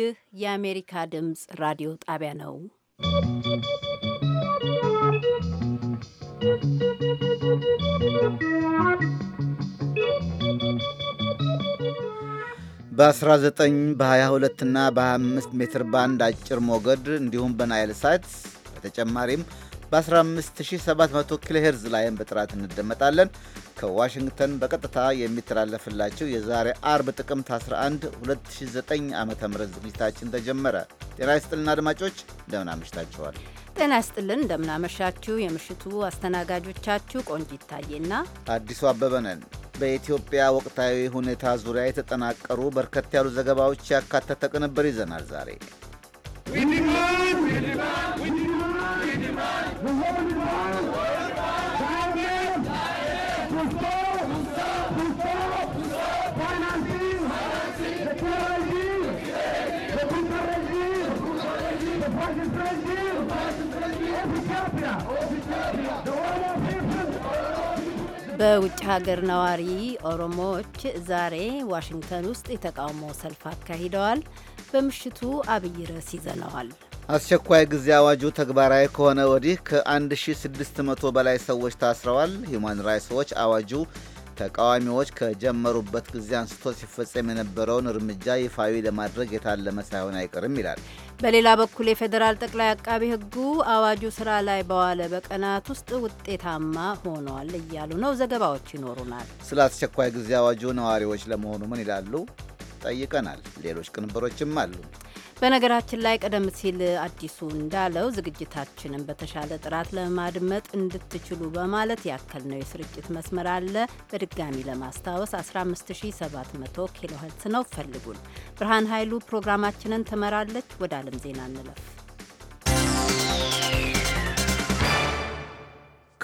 ይህ የአሜሪካ ድምፅ ራዲዮ ጣቢያ ነው። በ19 በ22 እና በ25 ሜትር ባንድ አጭር ሞገድ እንዲሁም በናይል ሳት በተጨማሪም በ15700 ኪሎ ሄርዝ ላይም በጥራት እንደመጣለን። ከዋሽንግተን በቀጥታ የሚተላለፍላቸው የዛሬ አርብ ጥቅምት 11 2009 ዓ ም ዝግጅታችን ተጀመረ። ጤና ይስጥልና አድማጮች እንደምን አምሽታችኋል? ጤና ይስጥልን እንደምናመሻችሁ። የምሽቱ አስተናጋጆቻችሁ ቆንጅ ይታየና አዲሱ አበበ ነን። በኢትዮጵያ ወቅታዊ ሁኔታ ዙሪያ የተጠናቀሩ በርከት ያሉ ዘገባዎች ያካተተ ቅንብር ይዘናል ዛሬ በውጭ ሀገር ነዋሪ ኦሮሞዎች ዛሬ ዋሽንግተን ውስጥ የተቃውሞ ሰልፍ አካሂደዋል። በምሽቱ አብይ ርዕስ ይዘነዋል። አስቸኳይ ጊዜ አዋጁ ተግባራዊ ከሆነ ወዲህ ከ1600 በላይ ሰዎች ታስረዋል። ሂውማን ራይትስ ዎች አዋጁ ተቃዋሚዎች ከጀመሩበት ጊዜ አንስቶ ሲፈጸም የነበረውን እርምጃ ይፋዊ ለማድረግ የታለመ ሳይሆን አይቀርም ይላል። በሌላ በኩል የፌዴራል ጠቅላይ አቃቢ ሕጉ አዋጁ ስራ ላይ በዋለ በቀናት ውስጥ ውጤታማ ሆኗል እያሉ ነው። ዘገባዎች ይኖሩናል። ስለ አስቸኳይ ጊዜ አዋጁ ነዋሪዎች ለመሆኑ ምን ይላሉ ጠይቀናል። ሌሎች ቅንብሮችም አሉ። በነገራችን ላይ ቀደም ሲል አዲሱ እንዳለው ዝግጅታችንን በተሻለ ጥራት ለማድመጥ እንድትችሉ በማለት ያከል ነው። የስርጭት መስመር አለ። በድጋሚ ለማስታወስ 15700 ኪሎ ሄርትስ ነው። ፈልጉን። ብርሃን ኃይሉ ፕሮግራማችንን ትመራለች። ወደ ዓለም ዜና እንለፍ።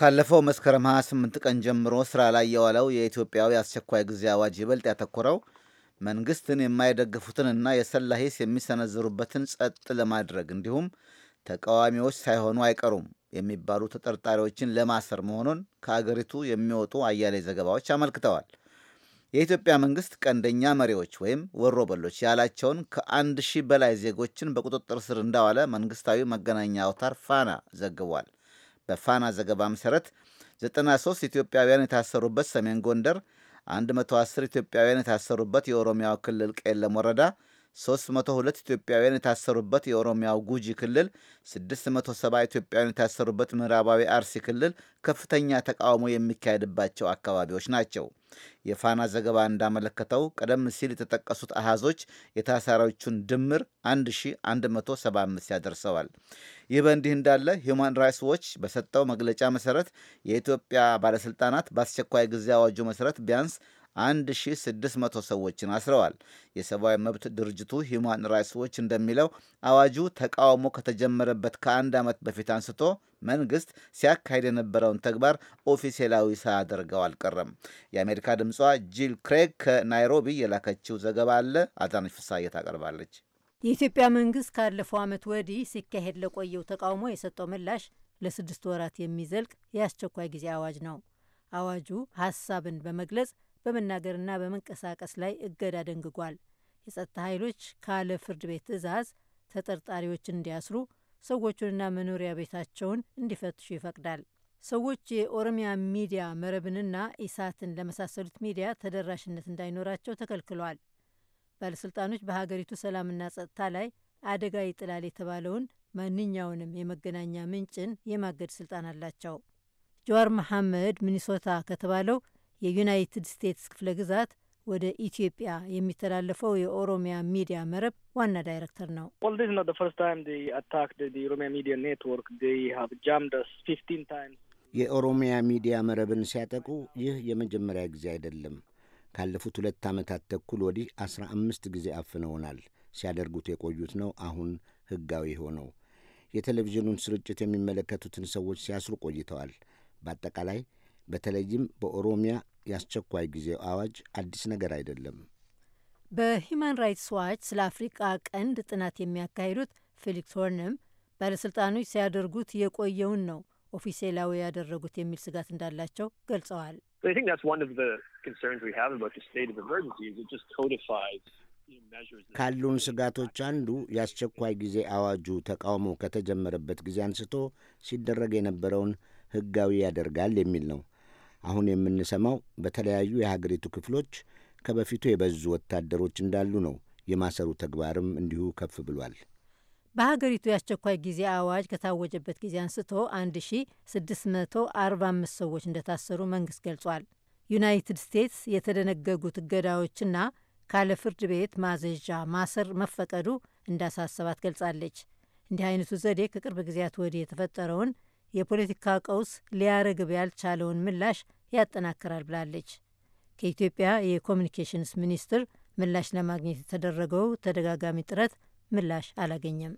ካለፈው መስከረም 28 ቀን ጀምሮ ስራ ላይ የዋለው የኢትዮጵያዊ አስቸኳይ ጊዜ አዋጅ ይበልጥ ያተኮረው መንግስትን የማይደግፉትንና የሰላ ሂስ የሚሰነዝሩበትን ጸጥ ለማድረግ እንዲሁም ተቃዋሚዎች ሳይሆኑ አይቀሩም የሚባሉ ተጠርጣሪዎችን ለማሰር መሆኑን ከአገሪቱ የሚወጡ አያሌ ዘገባዎች አመልክተዋል። የኢትዮጵያ መንግስት ቀንደኛ መሪዎች ወይም ወሮበሎች ያላቸውን ከአንድ ሺህ በላይ ዜጎችን በቁጥጥር ስር እንዳዋለ መንግስታዊ መገናኛ አውታር ፋና ዘግቧል። በፋና ዘገባ መሠረት 93 ኢትዮጵያውያን የታሰሩበት ሰሜን ጎንደር 110 ኢትዮጵያውያን የታሰሩበት የኦሮሚያው ክልል ቄለም ወረዳ 302 ኢትዮጵያውያን የታሰሩበት የኦሮሚያው ጉጂ ክልል፣ 670 ኢትዮጵያውያን የታሰሩበት ምዕራባዊ አርሲ ክልል ከፍተኛ ተቃውሞ የሚካሄድባቸው አካባቢዎች ናቸው። የፋና ዘገባ እንዳመለከተው ቀደም ሲል የተጠቀሱት አሃዞች የታሳሪዎቹን ድምር 1175 ያደርሰዋል። ይህ በእንዲህ እንዳለ ሂዩማን ራይትስ ዎች በሰጠው መግለጫ መሰረት የኢትዮጵያ ባለሥልጣናት በአስቸኳይ ጊዜ አዋጁ መሰረት ቢያንስ 1600 ሰዎችን አስረዋል። የሰብአዊ መብት ድርጅቱ ሂውማን ራይትስ ዎች እንደሚለው አዋጁ ተቃውሞ ከተጀመረበት ከአንድ ዓመት በፊት አንስቶ መንግስት ሲያካሂድ የነበረውን ተግባር ኦፊሴላዊ ሳያደርገው አልቀረም። የአሜሪካ ድምጿ ጂል ክሬግ ከናይሮቢ የላከችው ዘገባ አለ። አዳነች ፍሳዬ ታቀርባለች። የኢትዮጵያ መንግስት ካለፈው ዓመት ወዲህ ሲካሄድ ለቆየው ተቃውሞ የሰጠው ምላሽ ለስድስት ወራት የሚዘልቅ የአስቸኳይ ጊዜ አዋጅ ነው። አዋጁ ሀሳብን በመግለጽ በመናገርና በመንቀሳቀስ ላይ እገዳ ደንግጓል። የጸጥታ ኃይሎች ካለ ፍርድ ቤት ትዕዛዝ ተጠርጣሪዎችን እንዲያስሩ፣ ሰዎቹንና መኖሪያ ቤታቸውን እንዲፈትሹ ይፈቅዳል። ሰዎች የኦሮሚያ ሚዲያ መረብንና ኢሳትን ለመሳሰሉት ሚዲያ ተደራሽነት እንዳይኖራቸው ተከልክሏል። ባለሥልጣኖች በሀገሪቱ ሰላምና ጸጥታ ላይ አደጋ ይጥላል የተባለውን ማንኛውንም የመገናኛ ምንጭን የማገድ ስልጣን አላቸው። ጀዋር መሐመድ ሚኒሶታ ከተባለው የዩናይትድ ስቴትስ ክፍለ ግዛት ወደ ኢትዮጵያ የሚተላለፈው የኦሮሚያ ሚዲያ መረብ ዋና ዳይሬክተር ነው። የኦሮሚያ ሚዲያ መረብን ሲያጠቁ ይህ የመጀመሪያ ጊዜ አይደለም። ካለፉት ሁለት ዓመታት ተኩል ወዲህ አስራ አምስት ጊዜ አፍነውናል። ሲያደርጉት የቆዩት ነው አሁን ህጋዊ ሆነው የቴሌቪዥኑን ስርጭት የሚመለከቱትን ሰዎች ሲያስሩ ቆይተዋል። በአጠቃላይ በተለይም በኦሮሚያ የአስቸኳይ ጊዜ አዋጅ አዲስ ነገር አይደለም። በሂማን ራይትስ ዋች ስለ አፍሪቃ ቀንድ ጥናት የሚያካሂዱት ፊሊክስ ሆርንም ባለሥልጣኖች ሲያደርጉት የቆየውን ነው ኦፊሴላዊ ያደረጉት የሚል ስጋት እንዳላቸው ገልጸዋል። ካሉን ስጋቶች አንዱ የአስቸኳይ ጊዜ አዋጁ ተቃውሞ ከተጀመረበት ጊዜ አንስቶ ሲደረግ የነበረውን ሕጋዊ ያደርጋል የሚል ነው። አሁን የምንሰማው በተለያዩ የሀገሪቱ ክፍሎች ከበፊቱ የበዙ ወታደሮች እንዳሉ ነው። የማሰሩ ተግባርም እንዲሁ ከፍ ብሏል። በሀገሪቱ የአስቸኳይ ጊዜ አዋጅ ከታወጀበት ጊዜ አንስቶ 1645 ሰዎች እንደታሰሩ መንግስት ገልጿል። ዩናይትድ ስቴትስ የተደነገጉት እገዳዎችና ካለ ፍርድ ቤት ማዘዣ ማሰር መፈቀዱ እንዳሳሰባት ገልጻለች። እንዲህ አይነቱ ዘዴ ከቅርብ ጊዜያት ወዲህ የተፈጠረውን የፖለቲካ ቀውስ ሊያረግብ ያልቻለውን ምላሽ ያጠናክራል ብላለች። ከኢትዮጵያ የኮሚኒኬሽንስ ሚኒስትር ምላሽ ለማግኘት የተደረገው ተደጋጋሚ ጥረት ምላሽ አላገኘም።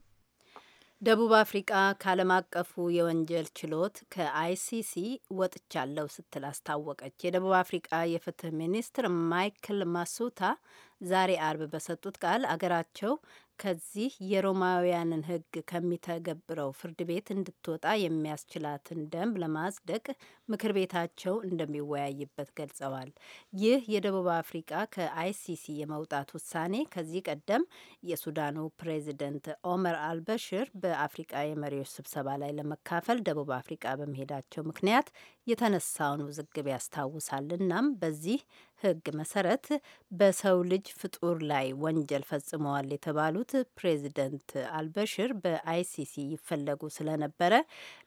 ደቡብ አፍሪቃ ከዓለም አቀፉ የወንጀል ችሎት ከአይሲሲ ወጥቻለሁ ስትል አስታወቀች። የደቡብ አፍሪቃ የፍትህ ሚኒስትር ማይክል ማሱታ ዛሬ አርብ በሰጡት ቃል አገራቸው ከዚህ የሮማውያንን ሕግ ከሚተገብረው ፍርድ ቤት እንድትወጣ የሚያስችላትን ደንብ ለማጽደቅ ምክር ቤታቸው እንደሚወያይበት ገልጸዋል። ይህ የደቡብ አፍሪቃ ከአይሲሲ የመውጣት ውሳኔ ከዚህ ቀደም የሱዳኑ ፕሬዚደንት ኦመር አልበሽር በአፍሪቃ የመሪዎች ስብሰባ ላይ ለመካፈል ደቡብ አፍሪቃ በመሄዳቸው ምክንያት የተነሳውን ውዝግብ ያስታውሳል። እናም በዚህ ሕግ መሰረት በሰው ልጅ ፍጡር ላይ ወንጀል ፈጽመዋል የተባሉት ፕሬዚደንት አልበሽር በአይሲሲ ይፈለጉ ስለነበረ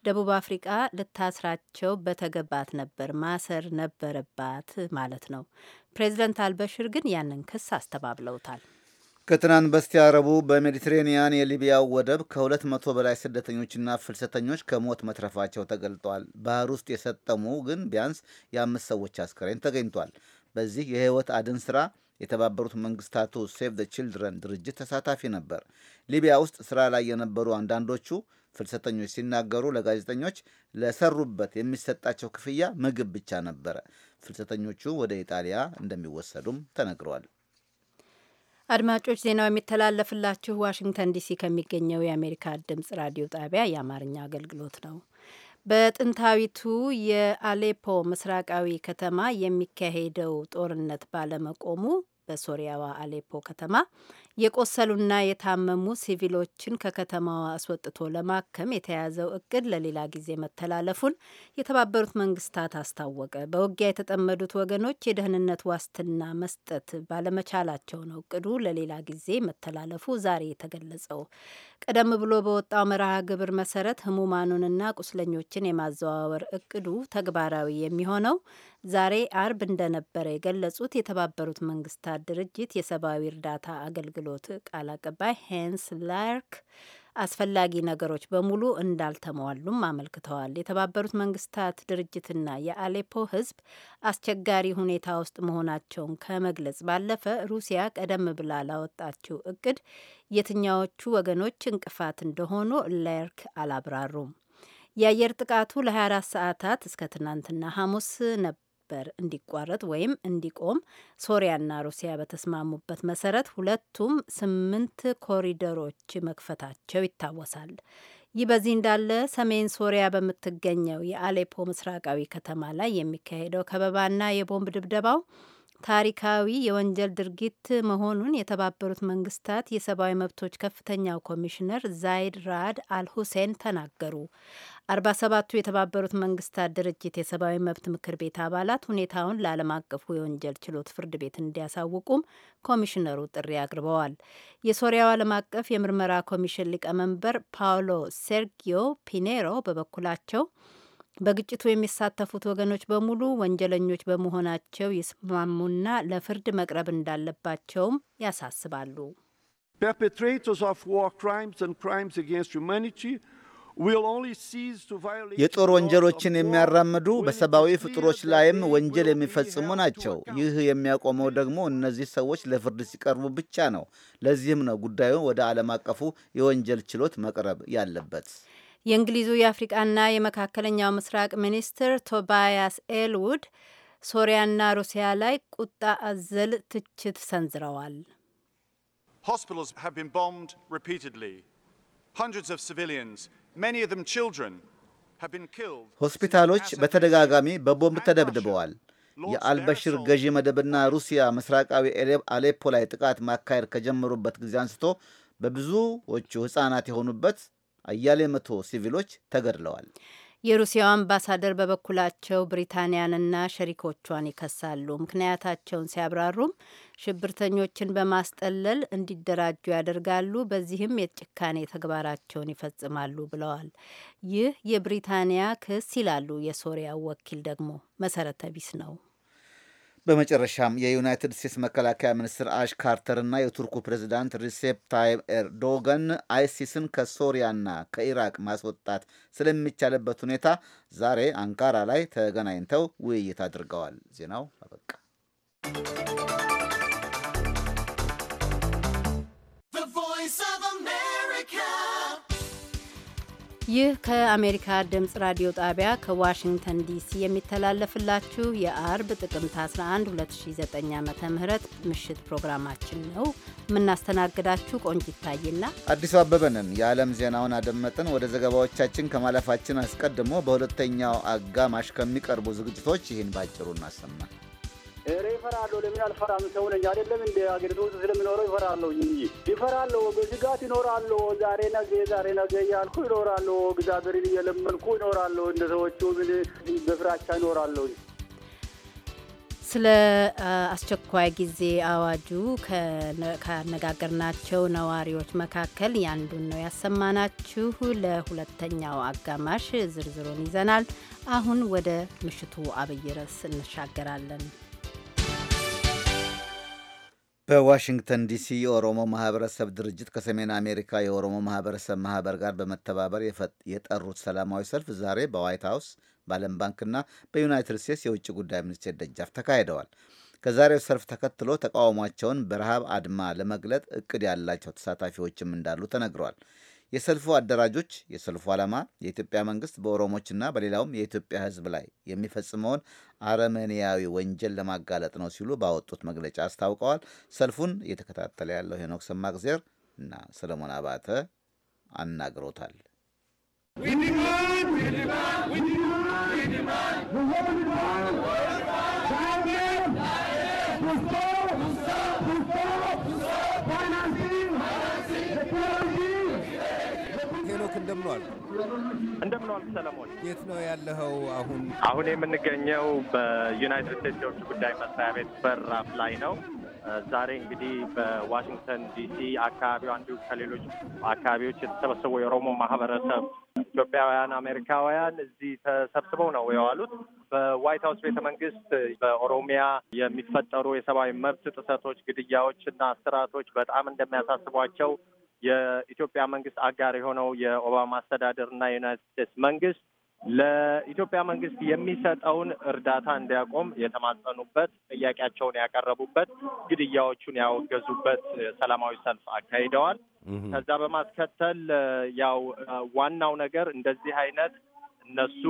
ደቡብ አፍሪቃ ልታስራቸው በተገባት ነበር፣ ማሰር ነበረባት ማለት ነው። ፕሬዚደንት አልበሽር ግን ያንን ክስ አስተባብለውታል። ከትናንት በስቲያ ረቡዕ በሜዲትሬኒያን የሊቢያ ወደብ ከሁለት መቶ በላይ ስደተኞችና ፍልሰተኞች ከሞት መትረፋቸው ተገልጧል። ባህር ውስጥ የሰጠሙ ግን ቢያንስ የአምስት ሰዎች አስከሬን ተገኝቷል። በዚህ የህይወት አድን ስራ የተባበሩት መንግስታቱ ሴቭ ዘ ችልድረን ድርጅት ተሳታፊ ነበር። ሊቢያ ውስጥ ስራ ላይ የነበሩ አንዳንዶቹ ፍልሰተኞች ሲናገሩ ለጋዜጠኞች ለሰሩበት የሚሰጣቸው ክፍያ ምግብ ብቻ ነበረ። ፍልሰተኞቹ ወደ ኢጣሊያ እንደሚወሰዱም ተነግረዋል። አድማጮች ዜናው የሚተላለፍላችሁ ዋሽንግተን ዲሲ ከሚገኘው የአሜሪካ ድምጽ ራዲዮ ጣቢያ የአማርኛ አገልግሎት ነው። በጥንታዊቱ የአሌፖ ምስራቃዊ ከተማ የሚካሄደው ጦርነት ባለመቆሙ በሶሪያዋ አሌፖ ከተማ የቆሰሉና የታመሙ ሲቪሎችን ከከተማዋ አስወጥቶ ለማከም የተያዘው እቅድ ለሌላ ጊዜ መተላለፉን የተባበሩት መንግስታት አስታወቀ። በውጊያ የተጠመዱት ወገኖች የደህንነት ዋስትና መስጠት ባለመቻላቸው ነው እቅዱ ለሌላ ጊዜ መተላለፉ ዛሬ የተገለጸው። ቀደም ብሎ በወጣው መርሃ ግብር መሰረት ህሙማኑንና ቁስለኞችን የማዘዋወር እቅዱ ተግባራዊ የሚሆነው ዛሬ አርብ እንደነበረ የገለጹት የተባበሩት መንግስታት ድርጅት የሰብአዊ እርዳታ አገልግሎት ቃል አቀባይ ሄንስ ላርክ አስፈላጊ ነገሮች በሙሉ እንዳልተሟሉም አመልክተዋል። የተባበሩት መንግስታት ድርጅትና የአሌፖ ህዝብ አስቸጋሪ ሁኔታ ውስጥ መሆናቸውን ከመግለጽ ባለፈ ሩሲያ ቀደም ብላ ላወጣችው እቅድ የትኛዎቹ ወገኖች እንቅፋት እንደሆኑ ላርክ አላብራሩም። የአየር ጥቃቱ ለ24 ሰዓታት እስከ ትናንትና ሐሙስ ነበር ድንበር እንዲቋረጥ ወይም እንዲቆም ሶሪያና ሩሲያ በተስማሙበት መሰረት ሁለቱም ስምንት ኮሪደሮች መክፈታቸው ይታወሳል። ይህ በዚህ እንዳለ ሰሜን ሶሪያ በምትገኘው የአሌፖ ምስራቃዊ ከተማ ላይ የሚካሄደው ከበባና የቦምብ ድብደባው ታሪካዊ የወንጀል ድርጊት መሆኑን የተባበሩት መንግስታት የሰብአዊ መብቶች ከፍተኛው ኮሚሽነር ዛይድ ራድ አልሁሴን ተናገሩ። አርባ ቱ የተባበሩት መንግስታት ድርጅት የሰብአዊ መብት ምክር ቤት አባላት ሁኔታውን ለዓለም አቀፉ የወንጀል ችሎት ፍርድ ቤት እንዲያሳውቁም ኮሚሽነሩ ጥሪ አቅርበዋል። የሶሪያው ዓለም አቀፍ የምርመራ ኮሚሽን ሊቀመንበር ፓውሎ ሴርጊዮ ፒኔሮ በበኩላቸው በግጭቱ የሚሳተፉት ወገኖች በሙሉ ወንጀለኞች በመሆናቸው ይስማሙና ለፍርድ መቅረብ እንዳለባቸውም ያሳስባሉ። የጦር ወንጀሎችን የሚያራምዱ በሰብአዊ ፍጡሮች ላይም ወንጀል የሚፈጽሙ ናቸው። ይህ የሚያቆመው ደግሞ እነዚህ ሰዎች ለፍርድ ሲቀርቡ ብቻ ነው። ለዚህም ነው ጉዳዩ ወደ ዓለም አቀፉ የወንጀል ችሎት መቅረብ ያለበት። የእንግሊዙ የአፍሪቃና የመካከለኛው ምስራቅ ሚኒስትር ቶባያስ ኤልውድ ሶሪያና ሩሲያ ላይ ቁጣ አዘል ትችት ሰንዝረዋል። ሆስፒታሎች ሆስፒታሎች በተደጋጋሚ በቦምብ ተደብድበዋል። የአልበሽር ገዢ መደብና ሩሲያ ምስራቃዊ አሌፖ ላይ ጥቃት ማካሄድ ከጀመሩበት ጊዜ አንስቶ በብዙዎቹ ሕፃናት የሆኑበት አያሌ መቶ ሲቪሎች ተገድለዋል። የሩሲያው አምባሳደር በበኩላቸው ብሪታንያንና ሸሪኮቿን ይከሳሉ። ምክንያታቸውን ሲያብራሩም ሽብርተኞችን በማስጠለል እንዲደራጁ ያደርጋሉ፣ በዚህም የጭካኔ ተግባራቸውን ይፈጽማሉ ብለዋል። ይህ የብሪታንያ ክስ ይላሉ የሶሪያ ወኪል ደግሞ መሰረተ ቢስ ነው። በመጨረሻም የዩናይትድ ስቴትስ መከላከያ ሚኒስትር አሽ ካርተርና የቱርኩ ፕሬዚዳንት ሪሴፕ ታይብ ኤርዶገን አይሲስን ከሶሪያና ከኢራቅ ማስወጣት ስለሚቻልበት ሁኔታ ዛሬ አንካራ ላይ ተገናኝተው ውይይት አድርገዋል። ዜናው አበቃ። ይህ ከአሜሪካ ድምፅ ራዲዮ ጣቢያ ከዋሽንግተን ዲሲ የሚተላለፍላችሁ የአርብ ጥቅምት 11 2009 ዓ ም ምሽት ፕሮግራማችን ነው። የምናስተናግዳችሁ ቆንጅ ይታይና አዲሱ አበበንን። የዓለም ዜናውን አደመጥን። ወደ ዘገባዎቻችን ከማለፋችን አስቀድሞ በሁለተኛው አጋማሽ ከሚቀርቡ ዝግጅቶች ይህን ባጭሩ እናሰማል። ኧረ ይፈራለሁ። ለምን አልፈራም? ሰው ነኝ አይደለም እንደ ሀገሪቱ ውስጥ ስለምኖረው ይፈራለሁ እንጂ ይፈራለሁ። በስጋት ይኖራለሁ። ዛሬ ነገ፣ ዛሬ ነገ እያልኩ ይኖራለሁ። እግዚአብሔርን እየለመንኩ ይኖራለሁ። እንደ ሰዎቹ ምን በፍራቻ ይኖራለሁ። ስለ አስቸኳይ ጊዜ አዋጁ ካነጋገርናቸው ነዋሪዎች መካከል ያንዱን ነው ያሰማናችሁ። ለሁለተኛው አጋማሽ ዝርዝሩን ይዘናል። አሁን ወደ ምሽቱ አብይ ርዕስ እንሻገራለን። በዋሽንግተን ዲሲ የኦሮሞ ማህበረሰብ ድርጅት ከሰሜን አሜሪካ የኦሮሞ ማህበረሰብ ማህበር ጋር በመተባበር የጠሩት ሰላማዊ ሰልፍ ዛሬ በዋይት ሀውስ በዓለም ባንክና በዩናይትድ ስቴትስ የውጭ ጉዳይ ሚኒስቴር ደጃፍ ተካሂደዋል። ከዛሬው ሰልፍ ተከትሎ ተቃውሟቸውን በረሃብ አድማ ለመግለጥ እቅድ ያላቸው ተሳታፊዎችም እንዳሉ ተነግሯል። የሰልፉ አደራጆች የሰልፉ ዓላማ የኢትዮጵያ መንግስት በኦሮሞችና በሌላውም የኢትዮጵያ ህዝብ ላይ የሚፈጽመውን አረመኔያዊ ወንጀል ለማጋለጥ ነው ሲሉ ባወጡት መግለጫ አስታውቀዋል። ሰልፉን እየተከታተለ ያለው ሄኖክ ሰማግዜር እና ሰለሞን አባተ አናግሮታል። እንደምኗል እንደምኗል። ሰለሞን የት ነው ያለኸው አሁን? አሁን የምንገኘው በዩናይትድ ስቴትስ የውጭ ጉዳይ መስሪያ ቤት በራፍ ላይ ነው። ዛሬ እንግዲህ በዋሽንግተን ዲሲ አካባቢው አንዱ ከሌሎች አካባቢዎች የተሰበሰቡ የኦሮሞ ማህበረሰብ ኢትዮጵያውያን አሜሪካውያን እዚህ ተሰብስበው ነው የዋሉት። በዋይት ሀውስ ቤተ መንግስት በኦሮሚያ የሚፈጠሩ የሰብአዊ መብት ጥሰቶች፣ ግድያዎች እና ስርዓቶች በጣም እንደሚያሳስቧቸው የኢትዮጵያ መንግስት አጋር የሆነው የኦባማ አስተዳደር እና የዩናይትድ ስቴትስ መንግስት ለኢትዮጵያ መንግስት የሚሰጠውን እርዳታ እንዲያቆም የተማጸኑበት፣ ጥያቄያቸውን ያቀረቡበት፣ ግድያዎቹን ያወገዙበት ሰላማዊ ሰልፍ አካሂደዋል። ከዛ በማስከተል ያው ዋናው ነገር እንደዚህ አይነት እነሱ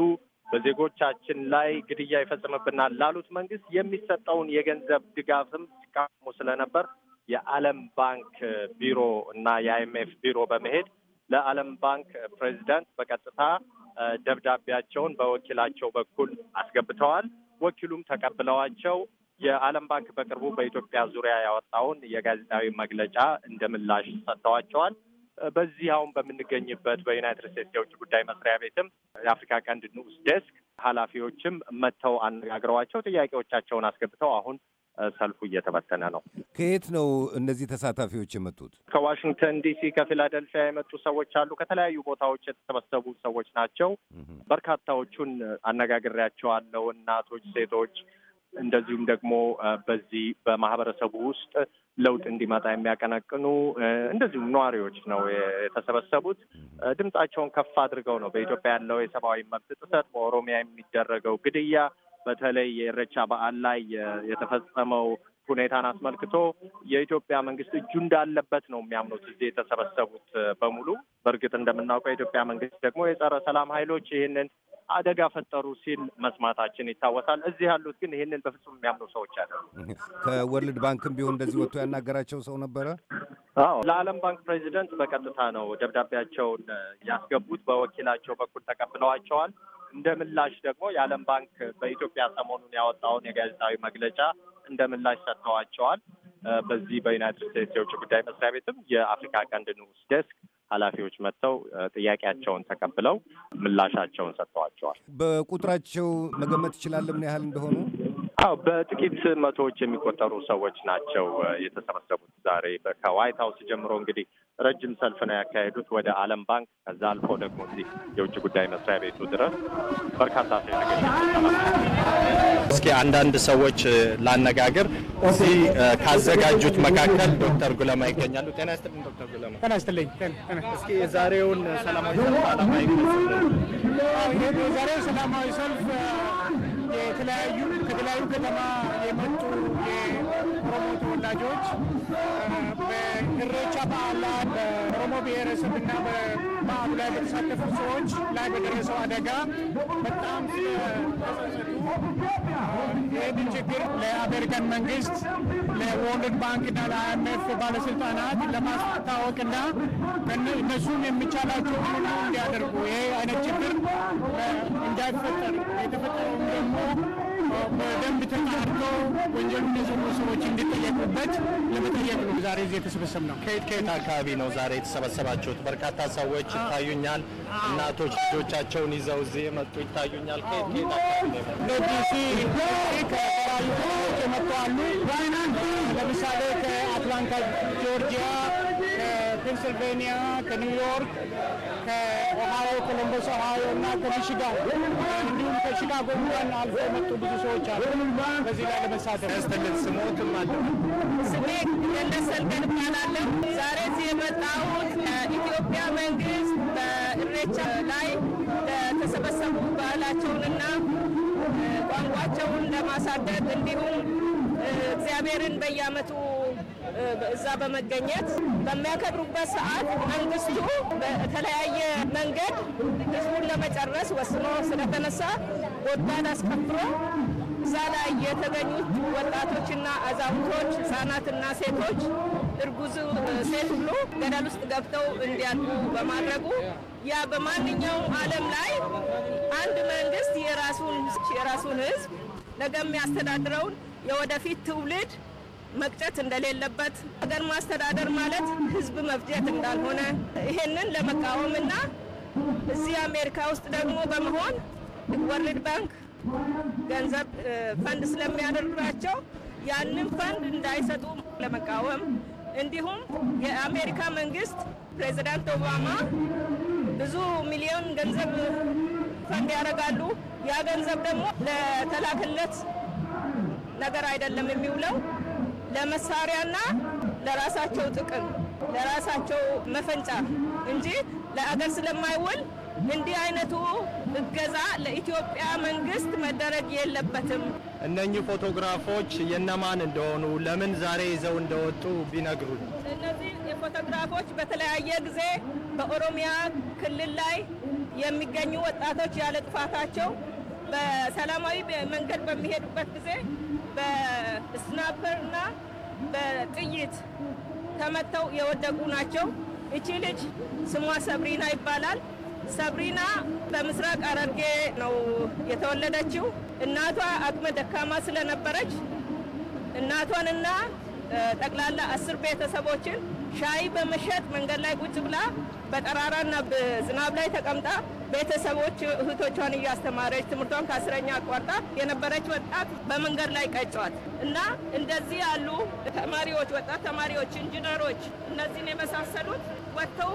በዜጎቻችን ላይ ግድያ ይፈጽምብናል ላሉት መንግስት የሚሰጠውን የገንዘብ ድጋፍም ሲቃወሙ ስለነበር የዓለም ባንክ ቢሮ እና የአይኤምኤፍ ቢሮ በመሄድ ለዓለም ባንክ ፕሬዚዳንት በቀጥታ ደብዳቤያቸውን በወኪላቸው በኩል አስገብተዋል። ወኪሉም ተቀብለዋቸው የዓለም ባንክ በቅርቡ በኢትዮጵያ ዙሪያ ያወጣውን የጋዜጣዊ መግለጫ እንደ ምላሽ ሰጥተዋቸዋል። በዚህ አሁን በምንገኝበት በዩናይትድ ስቴትስ የውጭ ጉዳይ መስሪያ ቤትም የአፍሪካ ቀንድ ንዑስ ዴስክ ኃላፊዎችም መጥተው አነጋግረዋቸው ጥያቄዎቻቸውን አስገብተው አሁን ሰልፉ እየተበተነ ነው። ከየት ነው እነዚህ ተሳታፊዎች የመጡት? ከዋሽንግተን ዲሲ፣ ከፊላደልፊያ የመጡ ሰዎች አሉ። ከተለያዩ ቦታዎች የተሰበሰቡ ሰዎች ናቸው። በርካታዎቹን አነጋግሬያቸዋለሁ። እናቶች፣ ሴቶች እንደዚሁም ደግሞ በዚህ በማህበረሰቡ ውስጥ ለውጥ እንዲመጣ የሚያቀነቅኑ እንደዚሁም ነዋሪዎች ነው የተሰበሰቡት። ድምጻቸውን ከፍ አድርገው ነው በኢትዮጵያ ያለው የሰብአዊ መብት ጥሰት፣ በኦሮሚያ የሚደረገው ግድያ በተለይ የኢሬቻ በዓል ላይ የተፈጸመው ሁኔታን አስመልክቶ የኢትዮጵያ መንግስት እጁ እንዳለበት ነው የሚያምኑት እዚህ የተሰበሰቡት በሙሉ። በእርግጥ እንደምናውቀው የኢትዮጵያ መንግስት ደግሞ የጸረ ሰላም ኃይሎች ይህንን አደጋ ፈጠሩ ሲል መስማታችን ይታወሳል። እዚህ ያሉት ግን ይህንን በፍጹም የሚያምኑ ሰዎች አይደሉም። ከወርልድ ባንክም ቢሆን እንደዚህ ወጥቶ ያናገራቸው ሰው ነበረ። አዎ፣ ለዓለም ባንክ ፕሬዚደንት በቀጥታ ነው ደብዳቤያቸውን ያስገቡት። በወኪላቸው በኩል ተቀብለዋቸዋል። እንደ ምላሽ ደግሞ የዓለም ባንክ በኢትዮጵያ ሰሞኑን ያወጣውን የጋዜጣዊ መግለጫ እንደ ምላሽ ሰጥተዋቸዋል። በዚህ በዩናይትድ ስቴትስ የውጭ ጉዳይ መስሪያ ቤትም የአፍሪካ ቀንድ ንዑስ ዴስክ ኃላፊዎች መጥተው ጥያቄያቸውን ተቀብለው ምላሻቸውን ሰጥተዋቸዋል። በቁጥራቸው መገመት ይችላል ምን ያህል እንደሆኑ? አዎ በጥቂት መቶዎች የሚቆጠሩ ሰዎች ናቸው የተሰበሰቡት ዛሬ ከዋይት ሀውስ ጀምሮ እንግዲህ ረጅም ሰልፍ ነው ያካሄዱት ወደ ዓለም ባንክ ከዛ አልፎ ደግሞ እዚህ የውጭ ጉዳይ መስሪያ ቤቱ ድረስ በርካታ ሰው እስኪ አንዳንድ ሰዎች ላነጋግር። እዚህ ካዘጋጁት መካከል ዶክተር ጉለማ ይገኛሉ። ጤና ይስጥልኝ ዶክተር ጉለማ። ጤና ይስጥልኝ። እስኪ የዛሬውን ሰላማዊ ሰልፍ አላማ ይገ የዛሬው ሰላማዊ ሰልፍ የተለያዩ ከተለያዩ ከተማ የመጡ የኦሮሞ ተወላጆች በኢሬቻ በዓል ላይ በኦሮሞ እና በበዓሉ ላይ በተሳተፉ ሰዎች ላይ በደረሰው አደጋ በጣም ይህንን ችግር ለአሜሪካን መንግስት፣ ለወርልድ እና ለአይኤምኤፍ ባለስልጣናት ለማስታወቅ ለማስታወቅና እነሱም የሚቻላቸው ሁሉ እንዲያደርጉ ይሄ አይነት ችግር እንዳይፈጠር የተፈጠረውም ደግሞ በደንብ ተጣርተው ወንጀሉን የሰሩ ሰዎች እንዲጠየቁበት ለመጠየቅ ነው ዛሬ እዚህ የተሰበሰብ ነው። ከየት ከየት አካባቢ ነው ዛሬ የተሰበሰባችሁት? በርካታ ሰዎች ይታዩኛል። እናቶች ልጆቻቸውን ይዘው እዚህ የመጡ ይታዩኛል። ከየት ከየት አካባቢ ነው? ከተለያዩ የመጡ አሉ። ለምሳሌ ከአትላንታ ጆርጂያ ከፔንስልቬኒያ፣ ከኒውዮርክ፣ ከኦሃዮ፣ ኮሎምበስ ኦሃዮ እና ከሚሽጋን እንዲሁም ከቺካጎ ሙያን አልፎ የመጡ ብዙ ሰዎች አሉ። በዚህ ላይ ለመሳተፍ አለ። ስሜ እባላለሁ። ዛሬ እዚህ የመጣሁት ኢትዮጵያ መንግስት በኢሬቻ ላይ ለተሰበሰቡ ባህላቸውንና ቋንቋቸውን ለማሳደግ እንዲሁም እግዚአብሔርን በየአመቱ እዛ በመገኘት በሚያከብሩበት ሰዓት መንግስቱ በተለያየ መንገድ ህዝቡን ለመጨረስ ወስኖ ስለተነሳ ጎዳን አስከፍሮ እዛ ላይ የተገኙት ወጣቶችና አዛውንቶች፣ ህጻናትና ሴቶች እርጉዝ ሴት ብሎ ገደል ውስጥ ገብተው እንዲያልፉ በማድረጉ ያ በማንኛውም ዓለም ላይ አንድ መንግስት የራሱን የራሱን ህዝብ ነገ የሚያስተዳድረውን የወደፊት ትውልድ መቅጨት እንደሌለበት ሀገር ማስተዳደር ማለት ህዝብ መፍጀት እንዳልሆነ ይህንን ለመቃወም እና እዚህ አሜሪካ ውስጥ ደግሞ በመሆን ወርልድ ባንክ ገንዘብ ፈንድ ስለሚያደርጋቸው ያንን ፈንድ እንዳይሰጡ ለመቃወም እንዲሁም የአሜሪካ መንግስት ፕሬዚዳንት ኦባማ ብዙ ሚሊዮን ገንዘብ ፈንድ ያደርጋሉ። ያ ገንዘብ ደግሞ ለተላክለት ነገር አይደለም የሚውለው ለመሳሪያና ለራሳቸው ጥቅም ለራሳቸው መፈንጫ እንጂ ለአገር ስለማይውል እንዲህ አይነቱ እገዛ ለኢትዮጵያ መንግስት መደረግ የለበትም። እነኚህ ፎቶግራፎች የነማን እንደሆኑ ለምን ዛሬ ይዘው እንደወጡ ቢነግሩኝ። እነዚህ የፎቶግራፎች በተለያየ ጊዜ በኦሮሚያ ክልል ላይ የሚገኙ ወጣቶች ያለ ጥፋታቸው በሰላማዊ መንገድ በሚሄዱበት ጊዜ በስናፐር እና በጥይት ተመተው የወደቁ ናቸው። እቺ ልጅ ስሟ ሰብሪና ይባላል። ሰብሪና በምስራቅ ሐረርጌ ነው የተወለደችው። እናቷ አቅመ ደካማ ስለነበረች እናቷንና ጠቅላላ አስር ቤተሰቦችን ሻይ በመሸጥ መንገድ ላይ ቁጭ ብላ በጠራራና በዝናብ ላይ ተቀምጣ ቤተሰቦች እህቶቿን እያስተማረች ትምህርቷን ከአስረኛ አቋርጣ የነበረች ወጣት በመንገድ ላይ ቀጯት እና እንደዚህ ያሉ ተማሪዎች፣ ወጣት ተማሪዎች፣ ኢንጂነሮች እነዚህን የመሳሰሉት ወጥተው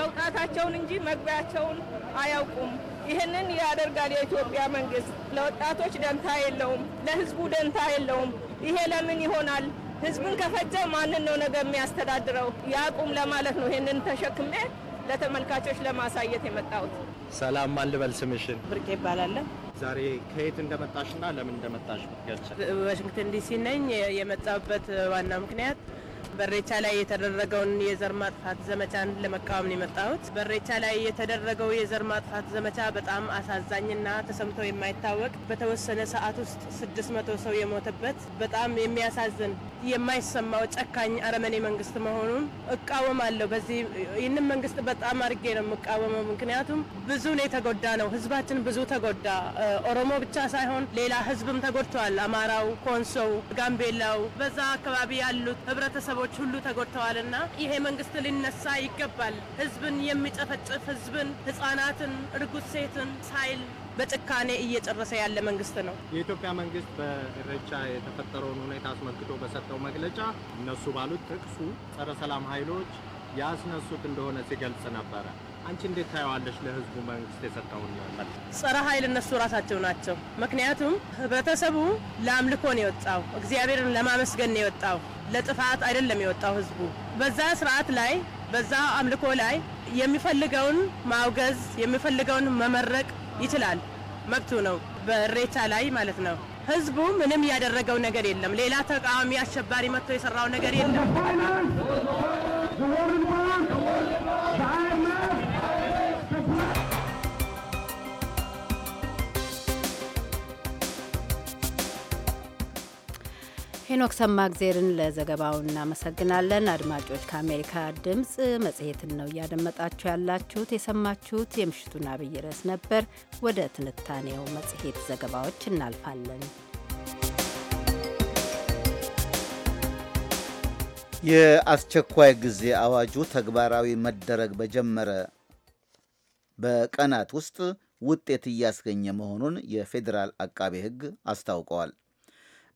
መውጣታቸውን እንጂ መግቢያቸውን አያውቁም። ይህንን ያደርጋል የኢትዮጵያ መንግስት። ለወጣቶች ደንታ የለውም፣ ለህዝቡ ደንታ የለውም። ይሄ ለምን ይሆናል? ህዝብን ከፈጀ ማንን ነው ነገ የሚያስተዳድረው? ያቁም ለማለት ነው ይህንን ተሸክሜ ለተመልካቾች ለማሳየት የመጣሁት። ሰላም ማን ልበል ስምሽን? ብርቄ ይባላል። ዛሬ ከየት እንደመጣሽና ለምን እንደመጣሽ ብትገልጪ። ዋሽንግተን ዲሲ ነኝ። የመጣበት ዋና ምክንያት በሬቻ ላይ የተደረገውን የዘር ማጥፋት ዘመቻን ለመቃወም ነው የመጣሁት። በሬቻ ላይ የተደረገው የዘር ማጥፋት ዘመቻ በጣም አሳዛኝና ተሰምቶ የማይታወቅ በተወሰነ ሰዓት ውስጥ ስድስት መቶ ሰው የሞተበት በጣም የሚያሳዝን የማይሰማው ጨካኝ አረመኔ መንግስት መሆኑን እቃወማለሁ። በዚህ ይህንም መንግስት በጣም አድርጌ ነው የምቃወመው። ምክንያቱም ብዙ ነው የተጎዳ ነው ህዝባችን፣ ብዙ ተጎዳ። ኦሮሞ ብቻ ሳይሆን ሌላ ህዝብም ተጎድተዋል። አማራው፣ ኮንሶው፣ ጋምቤላው በዛ አካባቢ ያሉት ህብረተሰቦች ሰዎች ሁሉ ተጎድተዋልና ይሄ መንግስት ሊነሳ ይገባል። ህዝብን የሚጨፈጭፍ ህዝብን፣ ህጻናትን፣ እርጉዝ ሴትን ሳይል በጭካኔ እየጨረሰ ያለ መንግስት ነው። የኢትዮጵያ መንግስት በኢሬቻ የተፈጠረውን ሁኔታ አስመልክቶ በሰጠው መግለጫ እነሱ ባሉት ጥቅሱ ጸረ ሰላም ኃይሎች ያስነሱት እንደሆነ ሲገልጽ ነበረ። አንቺ እንዴት ታየዋለሽ? ለህዝቡ መንግስት የሰጠውን ነው ጸረ ኃይል እነሱ ራሳቸው ናቸው። ምክንያቱም ህብረተሰቡ ለአምልኮ ነው የወጣው፣ እግዚአብሔርን ለማመስገን ነው የወጣው፣ ለጥፋት አይደለም የወጣው ህዝቡ። በዛ ስርዓት ላይ በዛ አምልኮ ላይ የሚፈልገውን ማውገዝ የሚፈልገውን መመረቅ ይችላል፣ መብቱ ነው፣ በሬቻ ላይ ማለት ነው። ህዝቡ ምንም ያደረገው ነገር የለም። ሌላ ተቃዋሚ አሸባሪ መጥቶ የሰራው ነገር የለም። ሄኖክ ሰማእግዜርን ለዘገባው እናመሰግናለን። አድማጮች ከአሜሪካ ድምፅ መጽሔትን ነው እያደመጣችሁ ያላችሁት። የሰማችሁት የምሽቱን አብይ ርዕስ ነበር። ወደ ትንታኔው መጽሔት ዘገባዎች እናልፋለን። የአስቸኳይ ጊዜ አዋጁ ተግባራዊ መደረግ በጀመረ በቀናት ውስጥ ውጤት እያስገኘ መሆኑን የፌዴራል አቃቤ ሕግ አስታውቀዋል።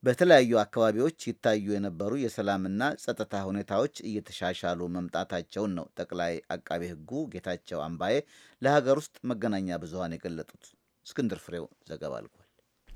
በተለያዩ አካባቢዎች ይታዩ የነበሩ የሰላምና ጸጥታ ሁኔታዎች እየተሻሻሉ መምጣታቸውን ነው ጠቅላይ አቃቤ ሕጉ ጌታቸው አምባዬ ለሀገር ውስጥ መገናኛ ብዙኃን የገለጡት። እስክንድር ፍሬው ዘገባ አልኩ።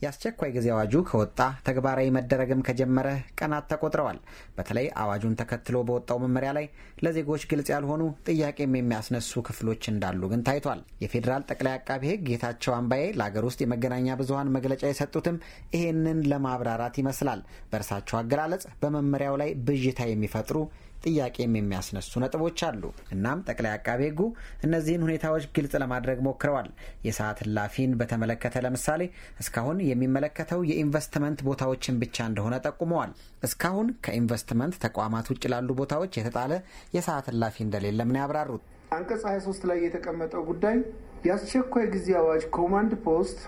የአስቸኳይ ጊዜ አዋጁ ከወጣ ተግባራዊ መደረግም ከጀመረ ቀናት ተቆጥረዋል። በተለይ አዋጁን ተከትሎ በወጣው መመሪያ ላይ ለዜጎች ግልጽ ያልሆኑ ጥያቄም የሚያስነሱ ክፍሎች እንዳሉ ግን ታይቷል። የፌዴራል ጠቅላይ አቃቤ ሕግ ጌታቸው አምባዬ ለአገር ውስጥ የመገናኛ ብዙኃን መግለጫ የሰጡትም ይህንን ለማብራራት ይመስላል። በእርሳቸው አገላለጽ በመመሪያው ላይ ብዥታ የሚፈጥሩ ጥያቄም የሚያስነሱ ነጥቦች አሉ። እናም ጠቅላይ አቃቤ ሕጉ እነዚህን ሁኔታዎች ግልጽ ለማድረግ ሞክረዋል። የሰዓት እላፊን በተመለከተ ለምሳሌ እስካሁን የሚመለከተው የኢንቨስትመንት ቦታዎችን ብቻ እንደሆነ ጠቁመዋል። እስካሁን ከኢንቨስትመንት ተቋማት ውጭ ላሉ ቦታዎች የተጣለ የሰዓት እላፊ እንደሌለም ነው ያብራሩት። አንቀጽ 23 ላይ የተቀመጠው ጉዳይ የአስቸኳይ ጊዜ አዋጅ ኮማንድ ፖስት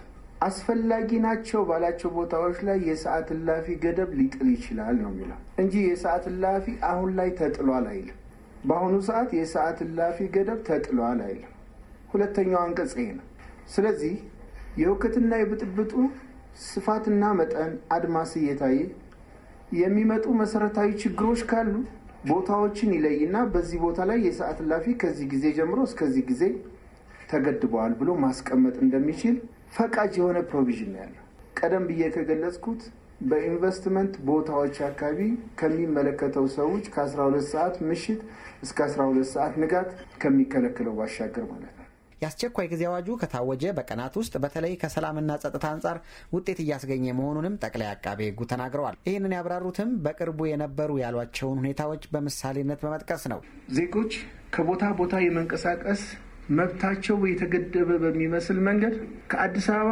አስፈላጊ ናቸው ባላቸው ቦታዎች ላይ የሰዓት እላፊ ገደብ ሊጥል ይችላል ነው የሚለው እንጂ የሰዓት እላፊ አሁን ላይ ተጥሏል አይልም። በአሁኑ ሰዓት የሰዓት እላፊ ገደብ ተጥሏል አይልም። ሁለተኛው አንቀጽ ይሄ ነው። ስለዚህ የውከትና የብጥብጡ ስፋትና መጠን አድማስ እየታየ የሚመጡ መሰረታዊ ችግሮች ካሉ ቦታዎችን ይለይና በዚህ ቦታ ላይ የሰዓት እላፊ ከዚህ ጊዜ ጀምሮ እስከዚህ ጊዜ ተገድበዋል ብሎ ማስቀመጥ እንደሚችል ፈቃጅ የሆነ ፕሮቪዥን ነው ያለው። ቀደም ብዬ ከገለጽኩት በኢንቨስትመንት ቦታዎች አካባቢ ከሚመለከተው ሰዎች ከ12 ሰዓት ምሽት እስከ 12 ሰዓት ንጋት ከሚከለክለው ባሻገር ማለት ነው። የአስቸኳይ ጊዜ አዋጁ ከታወጀ በቀናት ውስጥ በተለይ ከሰላምና ጸጥታ አንጻር ውጤት እያስገኘ መሆኑንም ጠቅላይ አቃቤ ሕጉ ተናግረዋል። ይህንን ያብራሩትም በቅርቡ የነበሩ ያሏቸውን ሁኔታዎች በምሳሌነት በመጥቀስ ነው። ዜጎች ከቦታ ቦታ የመንቀሳቀስ መብታቸው የተገደበ በሚመስል መንገድ ከአዲስ አበባ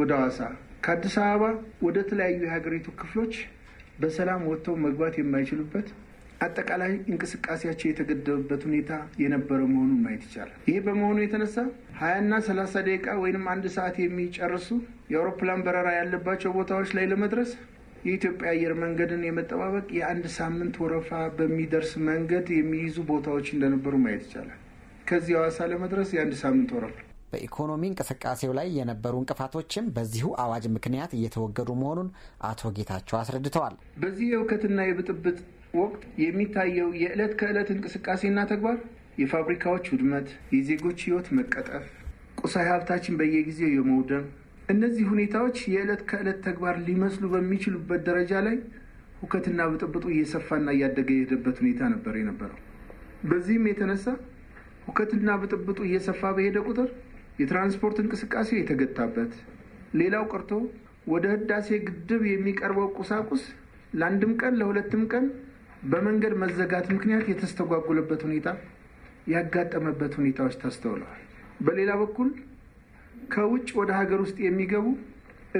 ወደ ሐዋሳ፣ ከአዲስ አበባ ወደ ተለያዩ የሀገሪቱ ክፍሎች በሰላም ወጥተው መግባት የማይችሉበት አጠቃላይ እንቅስቃሴያቸው የተገደበበት ሁኔታ የነበረ መሆኑን ማየት ይቻላል። ይህ በመሆኑ የተነሳ ሀያና ሰላሳ ደቂቃ ወይም አንድ ሰዓት የሚጨርሱ የአውሮፕላን በረራ ያለባቸው ቦታዎች ላይ ለመድረስ የኢትዮጵያ አየር መንገድን የመጠባበቅ የአንድ ሳምንት ወረፋ በሚደርስ መንገድ የሚይዙ ቦታዎች እንደነበሩ ማየት ይቻላል። ከዚህ ሐዋሳ ለመድረስ የአንድ ሳምንት ወራል። በኢኮኖሚ እንቅስቃሴው ላይ የነበሩ እንቅፋቶችም በዚሁ አዋጅ ምክንያት እየተወገዱ መሆኑን አቶ ጌታቸው አስረድተዋል። በዚህ የእውከትና የብጥብጥ ወቅት የሚታየው የዕለት ከዕለት እንቅስቃሴና ተግባር የፋብሪካዎች ውድመት፣ የዜጎች ሕይወት መቀጠፍ፣ ቁሳዊ ሀብታችን በየጊዜው የመውደም እነዚህ ሁኔታዎች የዕለት ከዕለት ተግባር ሊመስሉ በሚችሉበት ደረጃ ላይ ሁከትና ብጥብጡ እየሰፋና እያደገ የሄደበት ሁኔታ ነበር የነበረው። በዚህም የተነሳ ሁከትና ብጥብጡ እየሰፋ በሄደ ቁጥር የትራንስፖርት እንቅስቃሴ የተገታበት፣ ሌላው ቀርቶ ወደ ህዳሴ ግድብ የሚቀርበው ቁሳቁስ ለአንድም ቀን ለሁለትም ቀን በመንገድ መዘጋት ምክንያት የተስተጓጉለበት ሁኔታ ያጋጠመበት ሁኔታዎች ተስተውለዋል። በሌላ በኩል ከውጭ ወደ ሀገር ውስጥ የሚገቡ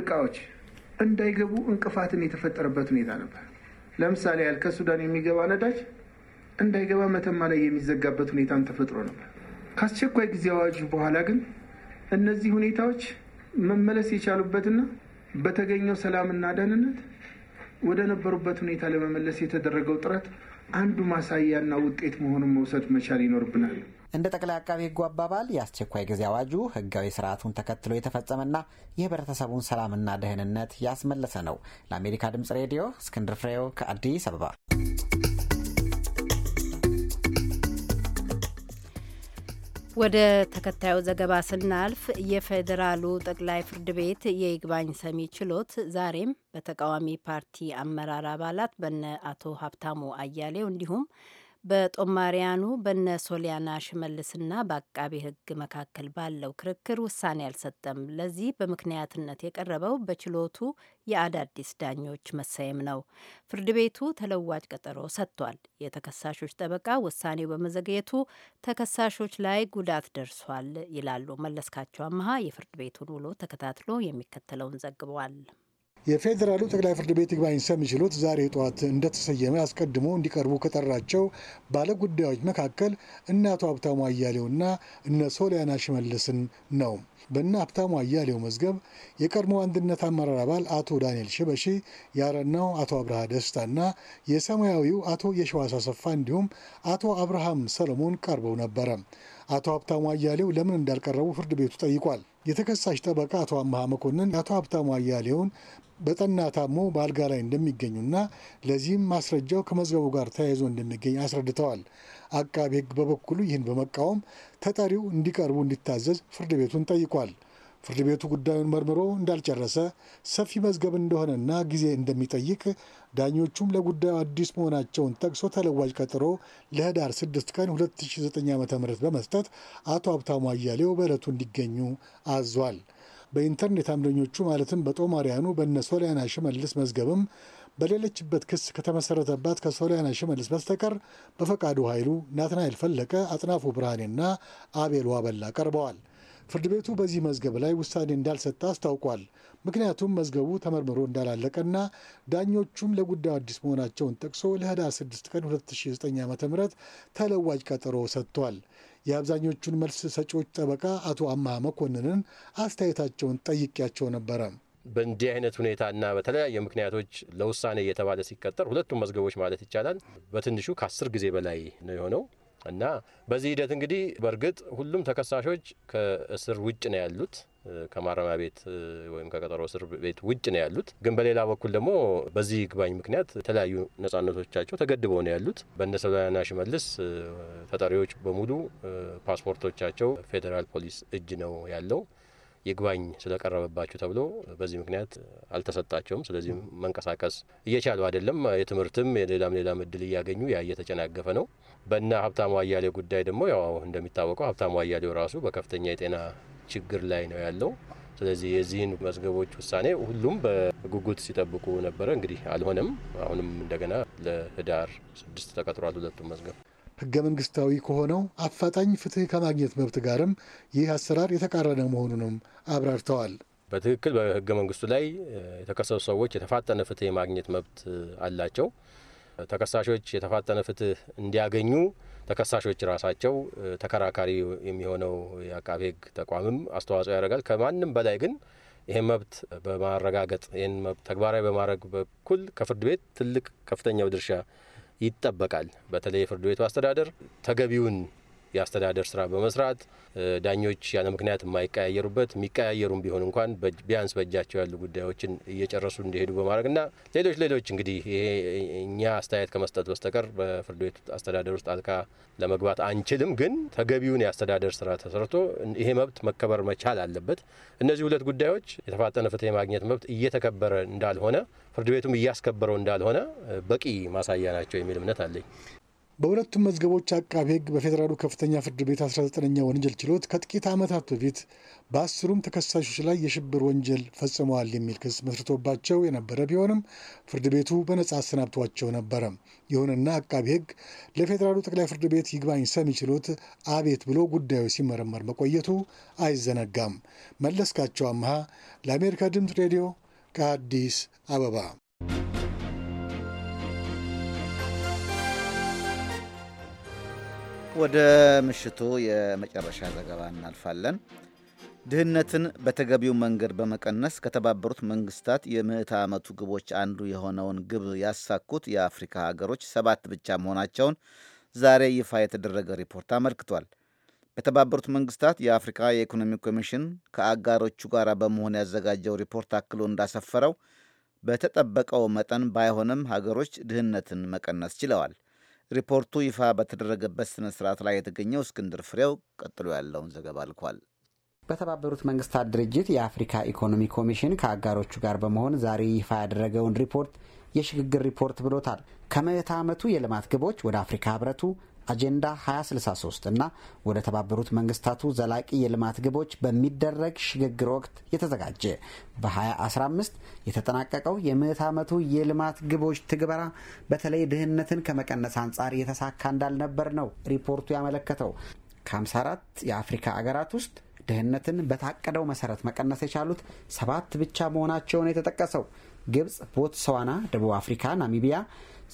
እቃዎች እንዳይገቡ እንቅፋትን የተፈጠረበት ሁኔታ ነበር። ለምሳሌ ያህል ከሱዳን የሚገባ ነዳጅ እንዳይገባ መተማ ላይ የሚዘጋበት ሁኔታን ተፈጥሮ ነበር። ከአስቸኳይ ጊዜ አዋጁ በኋላ ግን እነዚህ ሁኔታዎች መመለስ የቻሉበትና በተገኘው ሰላምና ደህንነት ወደ ነበሩበት ሁኔታ ለመመለስ የተደረገው ጥረት አንዱ ማሳያና ውጤት መሆኑን መውሰድ መቻል ይኖርብናል። እንደ ጠቅላይ አቃቢ ሕጉ አባባል የአስቸኳይ ጊዜ አዋጁ ሕጋዊ ስርዓቱን ተከትሎ የተፈጸመና የህብረተሰቡን ሰላምና ደህንነት ያስመለሰ ነው። ለአሜሪካ ድምጽ ሬዲዮ እስክንድር ፍሬው ከአዲስ አበባ ወደ ተከታዩ ዘገባ ስናልፍ የፌዴራሉ ጠቅላይ ፍርድ ቤት የይግባኝ ሰሚ ችሎት ዛሬም በተቃዋሚ ፓርቲ አመራር አባላት በነ አቶ ሀብታሙ አያሌው እንዲሁም በጦማሪያኑ በነ ሶሊያና ሽመልስና በአቃቢ ሕግ መካከል ባለው ክርክር ውሳኔ አልሰጠም። ለዚህ በምክንያትነት የቀረበው በችሎቱ የአዳዲስ ዳኞች መሰየም ነው። ፍርድ ቤቱ ተለዋጭ ቀጠሮ ሰጥቷል። የተከሳሾች ጠበቃ ውሳኔው በመዘግየቱ ተከሳሾች ላይ ጉዳት ደርሷል ይላሉ። መለስካቸው አመሀ የፍርድ ቤቱን ውሎ ተከታትሎ የሚከተለውን ዘግበዋል። የፌዴራሉ ጠቅላይ ፍርድ ቤት ይግባኝ ሰሚ ችሎት ዛሬ ጠዋት እንደተሰየመ አስቀድሞ እንዲቀርቡ ከጠራቸው ባለ ጉዳዮች መካከል እነ አቶ ሀብታሙ አያሌውና እነ ሶሊያና ሽመልስን ነው። በእነ ሀብታሙ አያሌው መዝገብ የቀድሞ አንድነት አመራር አባል አቶ ዳንኤል ሽበሺ፣ ያረናው አቶ አብርሃ ደስታና የሰማያዊው አቶ የሸዋስ አሰፋ እንዲሁም አቶ አብርሃም ሰለሞን ቀርበው ነበረ። አቶ ሀብታሙ አያሌው ለምን እንዳልቀረቡ ፍርድ ቤቱ ጠይቋል። የተከሳሽ ጠበቃ አቶ አምሃ መኮንን አቶ ሀብታሙ አያሌውን በጠና ታሞ በአልጋ ላይ እንደሚገኙና ለዚህም ማስረጃው ከመዝገቡ ጋር ተያይዞ እንደሚገኝ አስረድተዋል። አቃቢ ሕግ በበኩሉ ይህን በመቃወም ተጠሪው እንዲቀርቡ እንዲታዘዝ ፍርድ ቤቱን ጠይቋል። ፍርድ ቤቱ ጉዳዩን መርምሮ እንዳልጨረሰ ሰፊ መዝገብ እንደሆነና ጊዜ እንደሚጠይቅ ዳኞቹም ለጉዳዩ አዲስ መሆናቸውን ጠቅሶ ተለዋጭ ቀጠሮ ለህዳር 6 ቀን 2009 ዓ ም በመስጠት አቶ ሀብታሙ አያሌው በዕለቱ እንዲገኙ አዟል። በኢንተርኔት አምደኞቹ ማለትም በጦማሪያኑ በነ ሶሊያና ሽመልስ መዝገብም በሌለችበት ክስ ከተመሰረተባት ከሶሊያና ሽመልስ በስተቀር በፈቃዱ ኃይሉ፣ ናትናኤል ፈለቀ፣ አጥናፉ ብርሃኔና አቤል ዋበላ ቀርበዋል። ፍርድ ቤቱ በዚህ መዝገብ ላይ ውሳኔ እንዳልሰጠ አስታውቋል። ምክንያቱም መዝገቡ ተመርምሮ እንዳላለቀና ዳኞቹም ለጉዳዩ አዲስ መሆናቸውን ጠቅሶ ለህዳር 6 ቀን 2009 ዓ ም ተለዋጭ ቀጠሮ ሰጥቷል። የአብዛኞቹን መልስ ሰጪዎች ጠበቃ አቶ አማሃ መኮንንን አስተያየታቸውን ጠይቄያቸው ነበረ። በእንዲህ አይነት ሁኔታና በተለያየ ምክንያቶች ለውሳኔ እየተባለ ሲቀጠር ሁለቱም መዝገቦች ማለት ይቻላል በትንሹ ከአስር ጊዜ በላይ ነው የሆነው እና በዚህ ሂደት እንግዲህ በእርግጥ ሁሉም ተከሳሾች ከእስር ውጭ ነው ያሉት ከማረሚያ ቤት ወይም ከቀጠሮ እስር ቤት ውጭ ነው ያሉት። ግን በሌላ በኩል ደግሞ በዚህ ይግባኝ ምክንያት የተለያዩ ነጻነቶቻቸው ተገድበው ነው ያሉት። በእነ ሽመልስ ተጠሪዎች በሙሉ ፓስፖርቶቻቸው ፌዴራል ፖሊስ እጅ ነው ያለው። ይግባኝ ስለቀረበባቸው ተብሎ በዚህ ምክንያት አልተሰጣቸውም። ስለዚህ መንቀሳቀስ እየቻሉ አይደለም። የትምህርትም የሌላም ሌላም እድል እያገኙ ያ እየተጨናገፈ ነው። በእነ ሀብታሙ አያሌው ጉዳይ ደግሞ ያው እንደሚታወቀው ሀብታሙ አያሌው ራሱ በከፍተኛ የጤና ችግር ላይ ነው ያለው። ስለዚህ የዚህን መዝገቦች ውሳኔ ሁሉም በጉጉት ሲጠብቁ ነበረ። እንግዲህ አልሆነም። አሁንም እንደገና ለህዳር ስድስት ተቀጥሯል ሁለቱም መዝገብ። ህገ መንግስታዊ ከሆነው አፋጣኝ ፍትህ ከማግኘት መብት ጋርም ይህ አሰራር የተቃረነ መሆኑንም አብራርተዋል። በትክክል በህገ መንግስቱ ላይ የተከሰሱ ሰዎች የተፋጠነ ፍትህ የማግኘት መብት አላቸው። ተከሳሾች የተፋጠነ ፍትህ እንዲያገኙ ተከሳሾች ራሳቸው ተከራካሪ የሚሆነው የአቃቤ ሕግ ተቋምም አስተዋጽኦ ያደርጋል። ከማንም በላይ ግን ይህን መብት በማረጋገጥ ይህን መብት ተግባራዊ በማድረግ በኩል ከፍርድ ቤት ትልቅ ከፍተኛው ድርሻ ይጠበቃል። በተለይ የፍርድ ቤቱ አስተዳደር ተገቢውን የአስተዳደር ስራ በመስራት ዳኞች ያለ ምክንያት የማይቀያየሩበት የሚቀያየሩም ቢሆን እንኳን ቢያንስ በእጃቸው ያሉ ጉዳዮችን እየጨረሱ እንዲሄዱ በማድረግና ሌሎች ሌሎች እንግዲህ ይሄ እኛ አስተያየት ከመስጠት በስተቀር በፍርድ ቤት አስተዳደር ውስጥ አልካ ለመግባት አንችልም። ግን ተገቢውን የአስተዳደር ስራ ተሰርቶ ይሄ መብት መከበር መቻል አለበት። እነዚህ ሁለት ጉዳዮች የተፋጠነ ፍትህ የማግኘት መብት እየተከበረ እንዳልሆነ፣ ፍርድ ቤቱም እያስከበረው እንዳልሆነ በቂ ማሳያ ናቸው የሚል እምነት አለኝ። በሁለቱም መዝገቦች አቃቤ ሕግ በፌዴራሉ ከፍተኛ ፍርድ ቤት 19ኛ ወንጀል ችሎት ከጥቂት ዓመታት በፊት በአስሩም ተከሳሾች ላይ የሽብር ወንጀል ፈጽመዋል የሚል ክስ መስርቶባቸው የነበረ ቢሆንም ፍርድ ቤቱ በነጻ አሰናብቷቸው ነበረ። ይሁንና አቃቤ ሕግ ለፌዴራሉ ጠቅላይ ፍርድ ቤት ይግባኝ ሰሚ ችሎት አቤት ብሎ ጉዳዩ ሲመረመር መቆየቱ አይዘነጋም። መለስካቸው አምሃ ለአሜሪካ ድምፅ ሬዲዮ ከአዲስ አበባ ወደ ምሽቱ የመጨረሻ ዘገባ እናልፋለን። ድህነትን በተገቢው መንገድ በመቀነስ ከተባበሩት መንግስታት የምዕተ ዓመቱ ግቦች አንዱ የሆነውን ግብ ያሳኩት የአፍሪካ ሀገሮች ሰባት ብቻ መሆናቸውን ዛሬ ይፋ የተደረገ ሪፖርት አመልክቷል። በተባበሩት መንግስታት የአፍሪካ የኢኮኖሚ ኮሚሽን ከአጋሮቹ ጋር በመሆን ያዘጋጀው ሪፖርት አክሎ እንዳሰፈረው በተጠበቀው መጠን ባይሆንም ሀገሮች ድህነትን መቀነስ ችለዋል። ሪፖርቱ ይፋ በተደረገበት ስነ ስርዓት ላይ የተገኘው እስክንድር ፍሬው ቀጥሎ ያለውን ዘገባ ልኳል። በተባበሩት መንግስታት ድርጅት የአፍሪካ ኢኮኖሚ ኮሚሽን ከአጋሮቹ ጋር በመሆን ዛሬ ይፋ ያደረገውን ሪፖርት የሽግግር ሪፖርት ብሎታል። ከምዕተ ዓመቱ የልማት ግቦች ወደ አፍሪካ ህብረቱ አጀንዳ 2063 እና ወደ ተባበሩት መንግስታቱ ዘላቂ የልማት ግቦች በሚደረግ ሽግግር ወቅት የተዘጋጀ በ2015 የተጠናቀቀው የምዕት ዓመቱ የልማት ግቦች ትግበራ በተለይ ድህነትን ከመቀነስ አንጻር የተሳካ እንዳልነበር ነው ሪፖርቱ ያመለከተው። ከ54 የአፍሪካ አገራት ውስጥ ድህነትን በታቀደው መሰረት መቀነስ የቻሉት ሰባት ብቻ መሆናቸውን የተጠቀሰው ግብፅ፣ ቦትስዋና፣ ደቡብ አፍሪካ፣ ናሚቢያ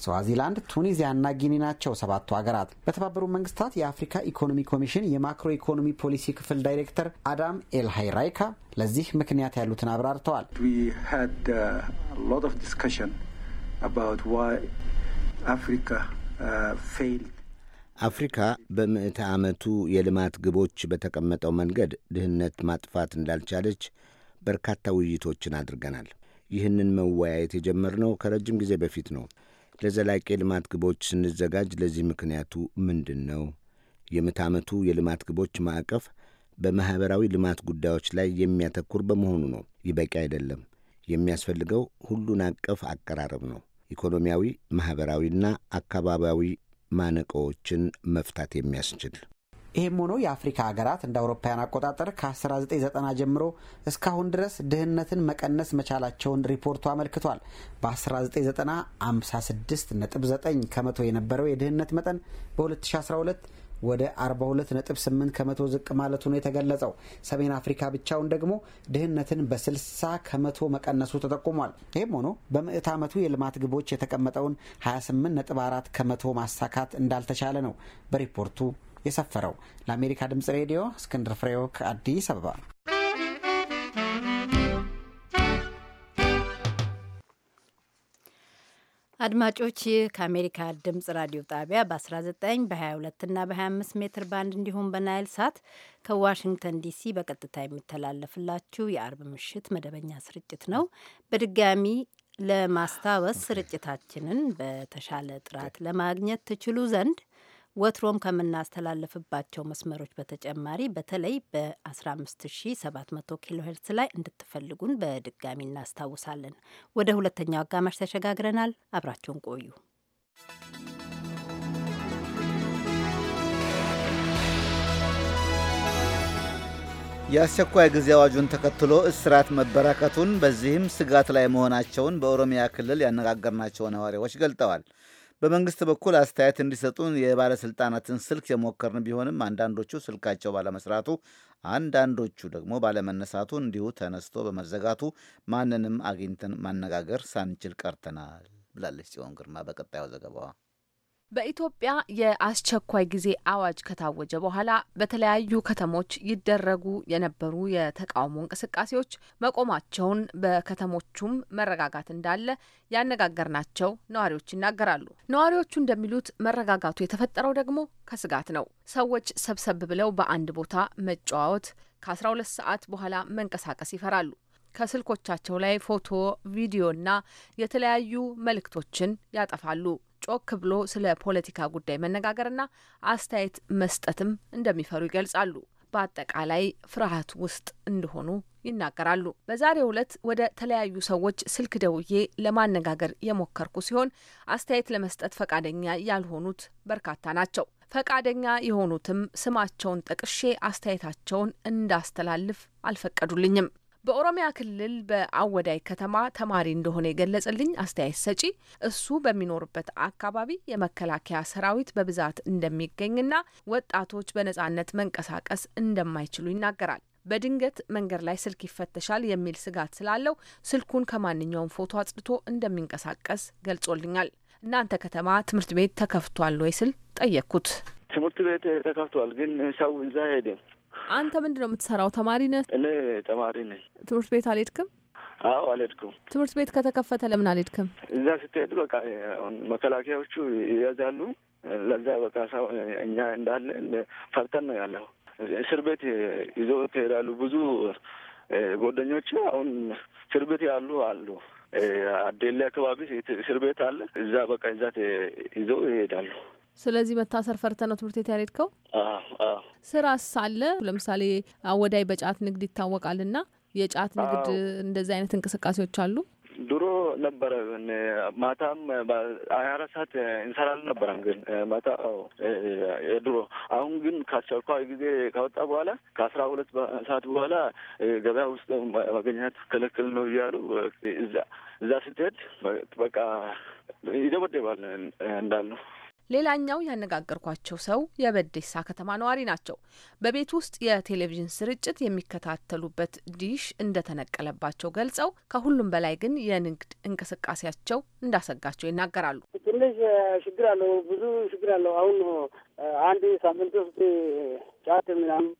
ስዋዚላንድ፣ ቱኒዚያና ጊኒ ናቸው ሰባቱ ሀገራት። በተባበሩት መንግስታት የአፍሪካ ኢኮኖሚ ኮሚሽን የማክሮ ኢኮኖሚ ፖሊሲ ክፍል ዳይሬክተር አዳም ኤልሃይ ራይካ ለዚህ ምክንያት ያሉትን አብራርተዋል። uh, uh, አፍሪካ በምዕተ ዓመቱ የልማት ግቦች በተቀመጠው መንገድ ድህነት ማጥፋት እንዳልቻለች በርካታ ውይይቶችን አድርገናል። ይህንን መወያየት የጀመርነው ከረጅም ጊዜ በፊት ነው። ለዘላቂ የልማት ግቦች ስንዘጋጅ ለዚህ ምክንያቱ ምንድን ነው? የምዕተ ዓመቱ የልማት ግቦች ማዕቀፍ በማኅበራዊ ልማት ጉዳዮች ላይ የሚያተኩር በመሆኑ ነው። ይበቂ አይደለም። የሚያስፈልገው ሁሉን አቀፍ አቀራረብ ነው። ኢኮኖሚያዊ፣ ማኅበራዊና አካባቢያዊ ማነቆዎችን መፍታት የሚያስችል ይህም ሆኖ የአፍሪካ ሀገራት እንደ አውሮፓውያን አቆጣጠር ከ1990 ጀምሮ እስካሁን ድረስ ድህነትን መቀነስ መቻላቸውን ሪፖርቱ አመልክቷል። በ1990 56.9 ከመቶ የነበረው የድህነት መጠን በ2012 ወደ 42.8 ከመቶ ዝቅ ማለቱ ነው የተገለጸው። ሰሜን አፍሪካ ብቻውን ደግሞ ድህነትን በ60 ከመቶ መቀነሱ ተጠቁሟል። ይህም ሆኖ በምዕት ዓመቱ የልማት ግቦች የተቀመጠውን 28.4 ከመቶ ማሳካት እንዳልተቻለ ነው በሪፖርቱ የሰፈረው። ለአሜሪካ ድምጽ ሬዲዮ እስክንድር ፍሬው ከአዲስ አበባ። አድማጮች ይህ ከአሜሪካ ድምጽ ራዲዮ ጣቢያ በ19 በ22 እና በ25 ሜትር ባንድ እንዲሁም በናይል ሳት ከዋሽንግተን ዲሲ በቀጥታ የሚተላለፍላችሁ የአርብ ምሽት መደበኛ ስርጭት ነው። በድጋሚ ለማስታወስ ስርጭታችንን በተሻለ ጥራት ለማግኘት ትችሉ ዘንድ ወትሮም ከምናስተላልፍባቸው መስመሮች በተጨማሪ በተለይ በ15700 ኪሎ ሄርትስ ላይ እንድትፈልጉን በድጋሚ እናስታውሳለን። ወደ ሁለተኛው አጋማሽ ተሸጋግረናል። አብራችሁን ቆዩ። የአስቸኳይ ጊዜ አዋጁን ተከትሎ እስራት መበራከቱን በዚህም ስጋት ላይ መሆናቸውን በኦሮሚያ ክልል ያነጋገርናቸው ነዋሪዎች ገልጠዋል። በመንግስት በኩል አስተያየት እንዲሰጡን የባለስልጣናትን ስልክ የሞከርን ቢሆንም አንዳንዶቹ ስልካቸው ባለመስራቱ፣ አንዳንዶቹ ደግሞ ባለመነሳቱ እንዲሁ ተነስቶ በመዘጋቱ ማንንም አግኝተን ማነጋገር ሳንችል ቀርተናል ብላለች ጽዮን ግርማ በቀጣዩ ዘገባዋ። በኢትዮጵያ የአስቸኳይ ጊዜ አዋጅ ከታወጀ በኋላ በተለያዩ ከተሞች ይደረጉ የነበሩ የተቃውሞ እንቅስቃሴዎች መቆማቸውን፣ በከተሞቹም መረጋጋት እንዳለ ያነጋገርናቸው ነዋሪዎች ይናገራሉ። ነዋሪዎቹ እንደሚሉት መረጋጋቱ የተፈጠረው ደግሞ ከስጋት ነው። ሰዎች ሰብሰብ ብለው በአንድ ቦታ መጨዋወት፣ ከ12 ሰዓት በኋላ መንቀሳቀስ ይፈራሉ። ከስልኮቻቸው ላይ ፎቶ፣ ቪዲዮና የተለያዩ መልእክቶችን ያጠፋሉ። ጮክ ብሎ ስለ ፖለቲካ ጉዳይ መነጋገርና አስተያየት መስጠትም እንደሚፈሩ ይገልጻሉ። በአጠቃላይ ፍርሃት ውስጥ እንደሆኑ ይናገራሉ። በዛሬው ዕለት ወደ ተለያዩ ሰዎች ስልክ ደውዬ ለማነጋገር የሞከርኩ ሲሆን አስተያየት ለመስጠት ፈቃደኛ ያልሆኑት በርካታ ናቸው። ፈቃደኛ የሆኑትም ስማቸውን ጠቅሼ አስተያየታቸውን እንዳስተላልፍ አልፈቀዱልኝም። በኦሮሚያ ክልል በአወዳይ ከተማ ተማሪ እንደሆነ የገለጸልኝ አስተያየት ሰጪ እሱ በሚኖርበት አካባቢ የመከላከያ ሰራዊት በብዛት እንደሚገኝና ወጣቶች በነጻነት መንቀሳቀስ እንደማይችሉ ይናገራል። በድንገት መንገድ ላይ ስልክ ይፈተሻል የሚል ስጋት ስላለው ስልኩን ከማንኛውም ፎቶ አጽድቶ እንደሚንቀሳቀስ ገልጾልኛል። እናንተ ከተማ ትምህርት ቤት ተከፍቷል ወይ ስል ጠየቅኩት። ትምህርት ቤት ተከፍቷል፣ ግን ሰው እዛ ሄደ አንተ ምንድን ነው የምትሰራው? ተማሪ ነህ? እኔ ተማሪ ነኝ። ትምህርት ቤት አልሄድክም? አዎ አልሄድኩም። ትምህርት ቤት ከተከፈተ ለምን አልሄድክም? እዛ ስትሄድ በቃ መከላከያዎቹ ይያዛሉ። ለዛ በቃ ሰው እኛ እንዳለ ፈርተን ነው ያለው። እስር ቤት ይዞ ትሄዳሉ። ብዙ ጓደኞች አሁን እስር ቤት ያሉ አሉ። አዴሌ አካባቢ እስር ቤት አለ። እዛ በቃ እዛ ይዞ ይሄዳሉ። ስለዚህ መታሰር ፈርተ ነው ትምህርት ቤት ያልሄድከው? ስራስ ለምሳሌ አወዳይ በጫት ንግድ ይታወቃልና የጫት ንግድ እንደዚህ አይነት እንቅስቃሴዎች አሉ? ድሮ ነበረ። ማታም ሀያ አራት ሰዓት እንሰራለን ነበረን፣ ግን ማታ ድሮ። አሁን ግን ከአስቸኳይ ጊዜ ከወጣ በኋላ ከአስራ ሁለት ሰዓት በኋላ ገበያ ውስጥ መገኘት ክልክል ነው እያሉ እዛ ስትሄድ በቃ ይደበደባል እንዳሉ ሌላኛው ያነጋገርኳቸው ሰው የበዴሳ ከተማ ነዋሪ ናቸው። በቤት ውስጥ የቴሌቪዥን ስርጭት የሚከታተሉበት ዲሽ እንደተነቀለባቸው ገልጸው ከሁሉም በላይ ግን የንግድ እንቅስቃሴያቸው እንዳሰጋቸው ይናገራሉ። ትንሽ ችግር አለው፣ ብዙ ችግር አለው። አሁን አንድ ሳምንት ውስጥ ጫት ምናምን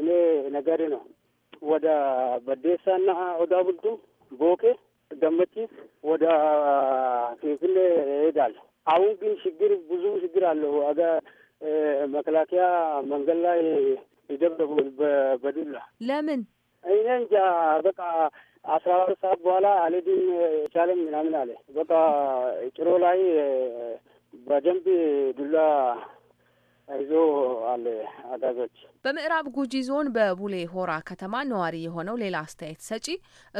እኔ ነጋዴ ነው። ወደ በዴሳና ኦዳ ቡልቱ ቦኬ ገመቺ ወደ ፊንፊኔ እሄዳለሁ አሁን ግን ችግር ብዙ ችግር አለሁ አገ መከላከያ መንገድ ላይ ይደብደቡ በዱላ ለምን እኔ እንጃ በቃ አስራ አራት ሰዓት በኋላ አልሄድም ቻለም ምናምን አለ በቃ ጭሮ ላይ በደንብ ዱላ ይዞ አለ አጋዞች። በምዕራብ ጉጂ ዞን በቡሌ ሆራ ከተማ ነዋሪ የሆነው ሌላ አስተያየት ሰጪ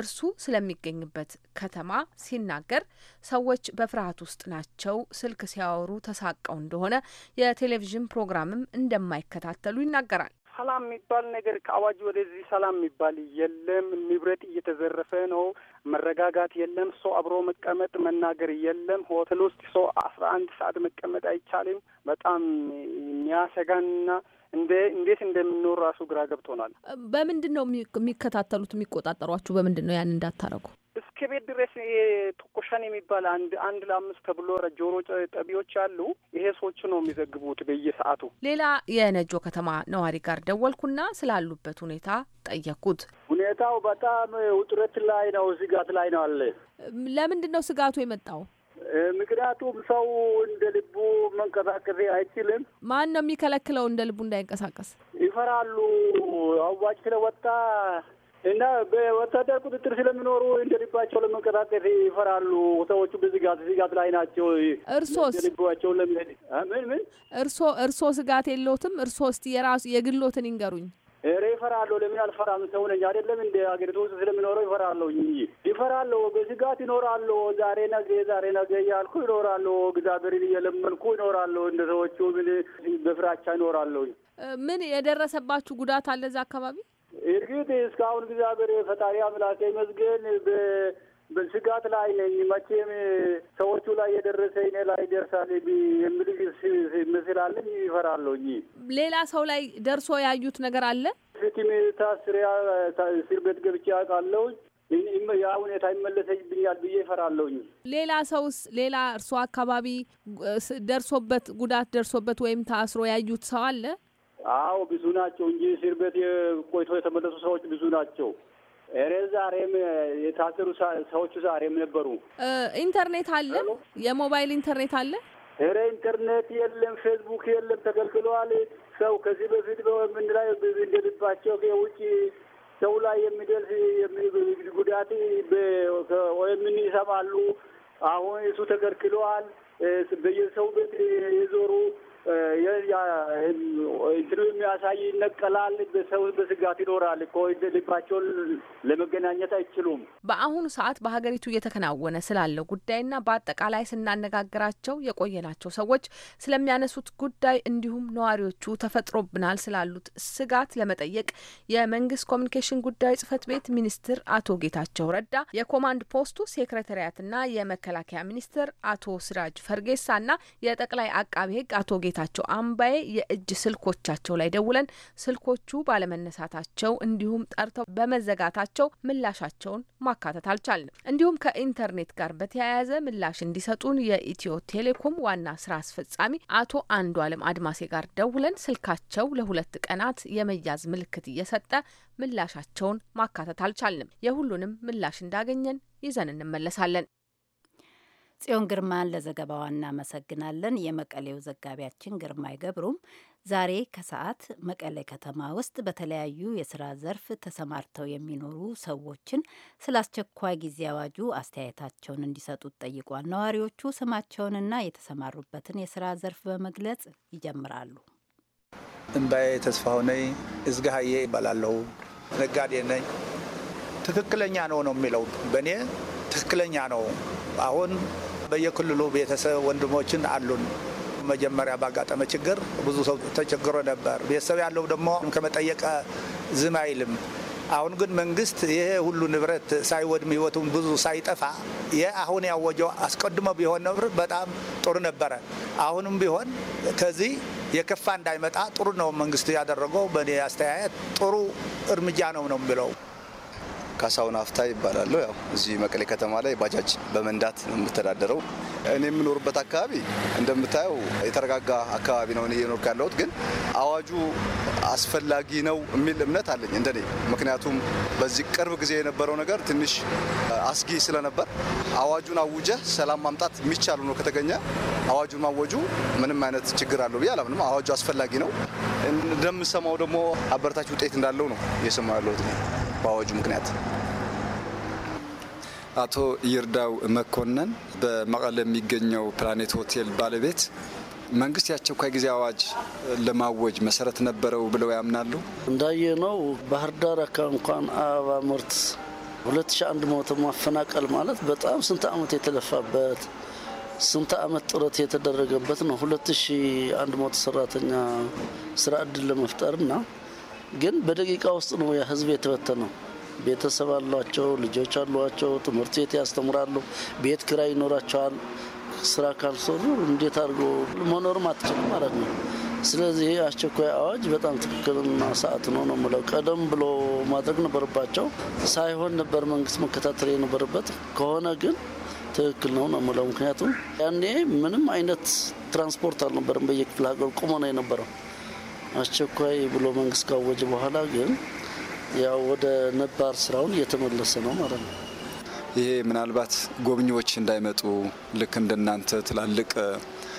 እርሱ ስለሚገኝበት ከተማ ሲናገር ሰዎች በፍርሃት ውስጥ ናቸው፣ ስልክ ሲያወሩ ተሳቀው እንደሆነ የቴሌቪዥን ፕሮግራምም እንደማይከታተሉ ይናገራል። ሰላም የሚባል ነገር ከአዋጅ ወደዚህ ሰላም የሚባል የለም። ንብረት እየተዘረፈ ነው። መረጋጋት የለም። ሰው አብሮ መቀመጥ መናገር የለም። ሆቴል ውስጥ ሰው አስራ አንድ ሰዓት መቀመጥ አይቻልም። በጣም የሚያሰጋንና እንዴት እንደምንኖር ራሱ ግራ ገብቶናል። በምንድን ነው የሚከታተሉት የሚቆጣጠሯችሁ? በምንድን ነው ያን እንዳታረጉ እስከ ቤት ድረስ ቶኮሻን የሚባል አንድ አንድ ለአምስት ተብሎ ጆሮ ጠቢዎች አሉ። ይሄ ሰዎች ነው የሚዘግቡት በየሰዓቱ። ሌላ የነጆ ከተማ ነዋሪ ጋር ደወልኩና ስላሉበት ሁኔታ ጠየቅኩት። ሁኔታው በጣም ውጥረት ላይ ነው፣ ስጋት ላይ ነው አለ። ለምንድን ነው ስጋቱ የመጣው? ምክንያቱም ሰው እንደ ልቡ መንቀሳቀስ አይችልም። ማን ነው የሚከለክለው? እንደ ልቡ እንዳይንቀሳቀስ ይፈራሉ። አዋጭ ስለወጣ እና በወታደር ቁጥጥር ስለሚኖሩ እንደ ልባቸው ለመንቀሳቀስ ይፈራሉ። ሰዎቹ በስጋት ስጋት ላይ ናቸው። እርሶስ ልባቸውን ለምን ምን ምን እርሶ እርሶ ስጋት የለዎትም? እርሶ እስቲ የራሱ የግሎትን ይንገሩኝ። ኧረ ይፈራለሁ። ለምን አልፈራም? ሰው ነኝ አይደለም እንደ ሀገሪቱ ውስጥ ስለሚኖረው ይፈራለሁ እንጂ ይፈራለሁ። በስጋት ይኖራለሁ። ዛሬ ነገ፣ ዛሬ ነገ እያልኩ ይኖራለሁ። እግዚአብሔርን እየለመንኩ ይኖራለሁ። እንደ ሰዎቹ በፍራቻ ይኖራለሁ። ምን የደረሰባችሁ ጉዳት አለ እዛ አካባቢ? እርግጥ እስካሁን እግዚአብሔር ፈጣሪ አምላኬ ይመስገን በስጋት ላይ ነኝ። መቼም ሰዎቹ ላይ የደረሰ እኔ ላይ ደርሳል የሚል ምስል ይፈራለሁ። ሌላ ሰው ላይ ደርሶ ያዩት ነገር አለ። ፊትም ታስሪያ እስር ቤት ገብቼ አውቃለሁ። ያ ሁኔታ ይመለሰብኛል ብዬ ይፈራለሁኝ። ሌላ ሰውስ ሌላ እርሶ አካባቢ ደርሶበት ጉዳት ደርሶበት ወይም ታስሮ ያዩት ሰው አለ? አዎ ብዙ ናቸው እንጂ እስር ቤት ቆይቶ የተመለሱ ሰዎች ብዙ ናቸው። ኧረ ዛሬም የታሰሩ ሰዎቹ ዛሬም ነበሩ። ኢንተርኔት አለ፣ የሞባይል ኢንተርኔት አለ። ኧረ ኢንተርኔት የለም፣ ፌስቡክ የለም፣ ተከልክለዋል። ሰው ከዚህ በፊት በምን ላይ እንደልባቸው የውጭ ሰው ላይ የሚደርስ ጉዳት ወይምን ይሰማሉ። አሁን እሱ ተከልክለዋል። በየሰው ቤት የዞሩ እንትኑ የሚያሳይ ይነቀላል። በሰው በስጋት ይኖራል እኮ ልባቸውን ለመገናኘት አይችሉም። በአሁኑ ሰዓት በሀገሪቱ እየተከናወነ ስላለው ጉዳይና በአጠቃላይ ስናነጋግራቸው የቆየናቸው ሰዎች ስለሚያነሱት ጉዳይ እንዲሁም ነዋሪዎቹ ተፈጥሮብናል ስላሉት ስጋት ለመጠየቅ የመንግስት ኮሚኒኬሽን ጉዳይ ጽህፈት ቤት ሚኒስትር አቶ ጌታቸው ረዳ፣ የኮማንድ ፖስቱ ሴክሬታሪያትና የመከላከያ ሚኒስትር አቶ ስራጅ ፈርጌሳና የጠቅላይ አቃቤ ህግ አቶ ጌ ቤታቸው አምባዬ የእጅ ስልኮቻቸው ላይ ደውለን ስልኮቹ ባለመነሳታቸው እንዲሁም ጠርተው በመዘጋታቸው ምላሻቸውን ማካተት አልቻልንም። እንዲሁም ከኢንተርኔት ጋር በተያያዘ ምላሽ እንዲሰጡን የኢትዮ ቴሌኮም ዋና ስራ አስፈጻሚ አቶ አንዱ አለም አድማሴ ጋር ደውለን ስልካቸው ለሁለት ቀናት የመያዝ ምልክት እየሰጠ ምላሻቸውን ማካተት አልቻልንም። የሁሉንም ምላሽ እንዳገኘን ይዘን እንመለሳለን። ጽዮን ግርማን ለዘገባዋ እናመሰግናለን። የመቀሌው ዘጋቢያችን ግርማይ ገብሩም ዛሬ ከሰዓት መቀሌ ከተማ ውስጥ በተለያዩ የስራ ዘርፍ ተሰማርተው የሚኖሩ ሰዎችን ስለ አስቸኳይ ጊዜ አዋጁ አስተያየታቸውን እንዲሰጡት ጠይቋል። ነዋሪዎቹ ስማቸውንና የተሰማሩበትን የስራ ዘርፍ በመግለጽ ይጀምራሉ። እምባዬ ተስፋሁነኝ እዝጋሀዬ ይባላለሁ። ነጋዴ ነኝ። ትክክለኛ ነው ነው የሚለው በእኔ ትክክለኛ ነው አሁን በየክልሉ ቤተሰብ ወንድሞችን አሉን። መጀመሪያ ባጋጠመ ችግር ብዙ ሰው ተቸግሮ ነበር። ቤተሰብ ያለው ደግሞ ከመጠየቀ ዝም አይልም። አሁን ግን መንግስት ይሄ ሁሉ ንብረት ሳይወድም ህይወቱን ብዙ ሳይጠፋ ይሄ አሁን ያወጀው አስቀድሞ ቢሆን ነብር በጣም ጥሩ ነበረ። አሁንም ቢሆን ከዚህ የከፋ እንዳይመጣ ጥሩ ነው መንግስቱ ያደረገው። በእኔ አስተያየት ጥሩ እርምጃ ነው ነው የሚለው ካሳሁን አፍታ ይባላሉ። ያው እዚህ መቀሌ ከተማ ላይ ባጃጅ በመንዳት ነው የምተዳደረው። እኔ የምኖርበት አካባቢ እንደምታየው የተረጋጋ አካባቢ ነው እየኖርኩ ያለሁት። ግን አዋጁ አስፈላጊ ነው የሚል እምነት አለኝ እንደኔ። ምክንያቱም በዚህ ቅርብ ጊዜ የነበረው ነገር ትንሽ አስጊ ስለነበር አዋጁን አውጀህ ሰላም ማምጣት የሚቻሉ ነው ከተገኘ አዋጁን ማወጁ ምንም አይነት ችግር አለው ብዬ አላምንም። አዋጁ አስፈላጊ ነው። እንደምሰማው ደግሞ አበረታች ውጤት እንዳለው ነው እየሰማ ያለሁት። በአዋጁ ምክንያት። አቶ ይርዳው መኮንን በመቀለ የሚገኘው ፕላኔት ሆቴል ባለቤት መንግስት የአስቸኳይ ጊዜ አዋጅ ለማወጅ መሰረት ነበረው ብለው ያምናሉ? እንዳየ ነው ባህር ዳር አካ እንኳን አበባ ምርት 2001 ሞተ ማፈናቀል ማለት በጣም ስንት ዓመት የተለፋበት ስንት ዓመት ጥረት የተደረገበት ነው። 2001 ሞት ሰራተኛ ስራ እድል ለመፍጠር ግን በደቂቃ ውስጥ ነው ህዝብ የተበተነው። ቤተሰብ አሏቸው፣ ልጆች አሏቸው፣ ትምህርት ቤት ያስተምራሉ፣ ቤት ክራይ ይኖራቸዋል። ስራ ካልሰሩ እንዴት አድርጎ መኖርም አትችልም ማለት ነው። ስለዚህ አስቸኳይ አዋጅ በጣም ትክክልና ሰዓት ነው ነው የምለው። ቀደም ብሎ ማድረግ ነበረባቸው ሳይሆን ነበር መንግስት መከታተል የነበረበት ከሆነ ግን ትክክል ነው ነው የምለው። ምክንያቱም ያኔ ምንም አይነት ትራንስፖርት አልነበረም። በየክፍለ ሀገር ቁሞ ነው የነበረው። አስቸኳይ ብሎ መንግስት ካወጀ በኋላ ግን ያው ወደ ነባር ስራውን እየተመለሰ ነው ማለት ነው። ይሄ ምናልባት ጎብኚዎች እንዳይመጡ ልክ እንደናንተ ትላልቅ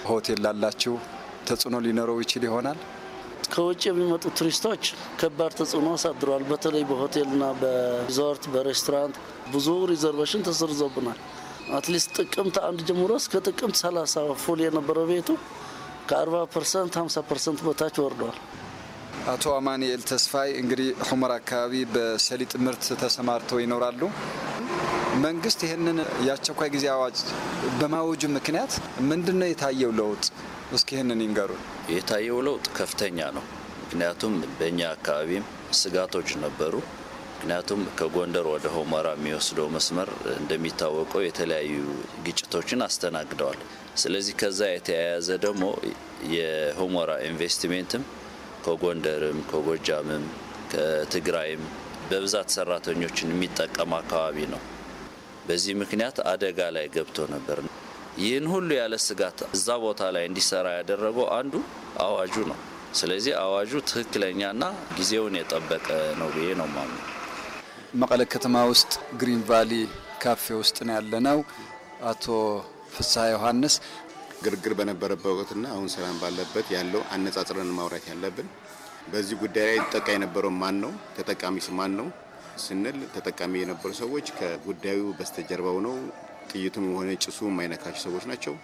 ሆቴል ላላችሁ ተጽዕኖ ሊኖረው ይችል ይሆናል። ከውጭ የሚመጡ ቱሪስቶች ከባድ ተጽዕኖ አሳድረዋል። በተለይ በሆቴልና በሪዞርት በሬስቶራንት ብዙ ሪዘርቬሽን ተሰርዞብናል። አትሊስት ጥቅምት አንድ ጀምሮ እስከ ጥቅምት ሰላሳ ፉል የነበረው ቤቱ ከ40 ፐርሰንት 50 ፐርሰንት በታች ወርዷል። አቶ አማንኤል ተስፋይ እንግዲህ ሁመራ አካባቢ በሰሊጥ ምርት ተሰማርተው ይኖራሉ። መንግስት ይህንን የአስቸኳይ ጊዜ አዋጅ በማወጁ ምክንያት ምንድን ነው የታየው ለውጥ? እስኪ ይህንን ይንገሩ። የታየው ለውጥ ከፍተኛ ነው። ምክንያቱም በእኛ አካባቢም ስጋቶች ነበሩ። ምክንያቱም ከጎንደር ወደ ሆመራ የሚወስደው መስመር እንደሚታወቀው የተለያዩ ግጭቶችን አስተናግደዋል። ስለዚህ ከዛ የተያያዘ ደግሞ የሆሞራ ኢንቨስትሜንትም ከጎንደርም ከጎጃምም ከትግራይም በብዛት ሰራተኞችን የሚጠቀም አካባቢ ነው። በዚህ ምክንያት አደጋ ላይ ገብቶ ነበር። ይህን ሁሉ ያለ ስጋት እዛ ቦታ ላይ እንዲሰራ ያደረገው አንዱ አዋጁ ነው። ስለዚህ አዋጁ ትክክለኛና ጊዜውን የጠበቀ ነው ብዬ ነው ማምነው። መቀለ ከተማ ውስጥ ግሪን ቫሊ ካፌ ውስጥ ነው ያለነው። አቶ ፍስሐ ዮሐንስ ግርግር በነበረበት ወቅትና አሁን ሰላም ባለበት ያለው አነጻጽረን ማውራት ያለብን በዚህ ጉዳይ ላይ ተጠቃ የነበረው ማን ነው? ተጠቃሚስ ማን ነው ስንል ተጠቃሚ የነበሩ ሰዎች ከጉዳዩ በስተጀርባው ነው ጥይቱም የሆነ ጭሱ የማይነካቸው ሰዎች ናቸው።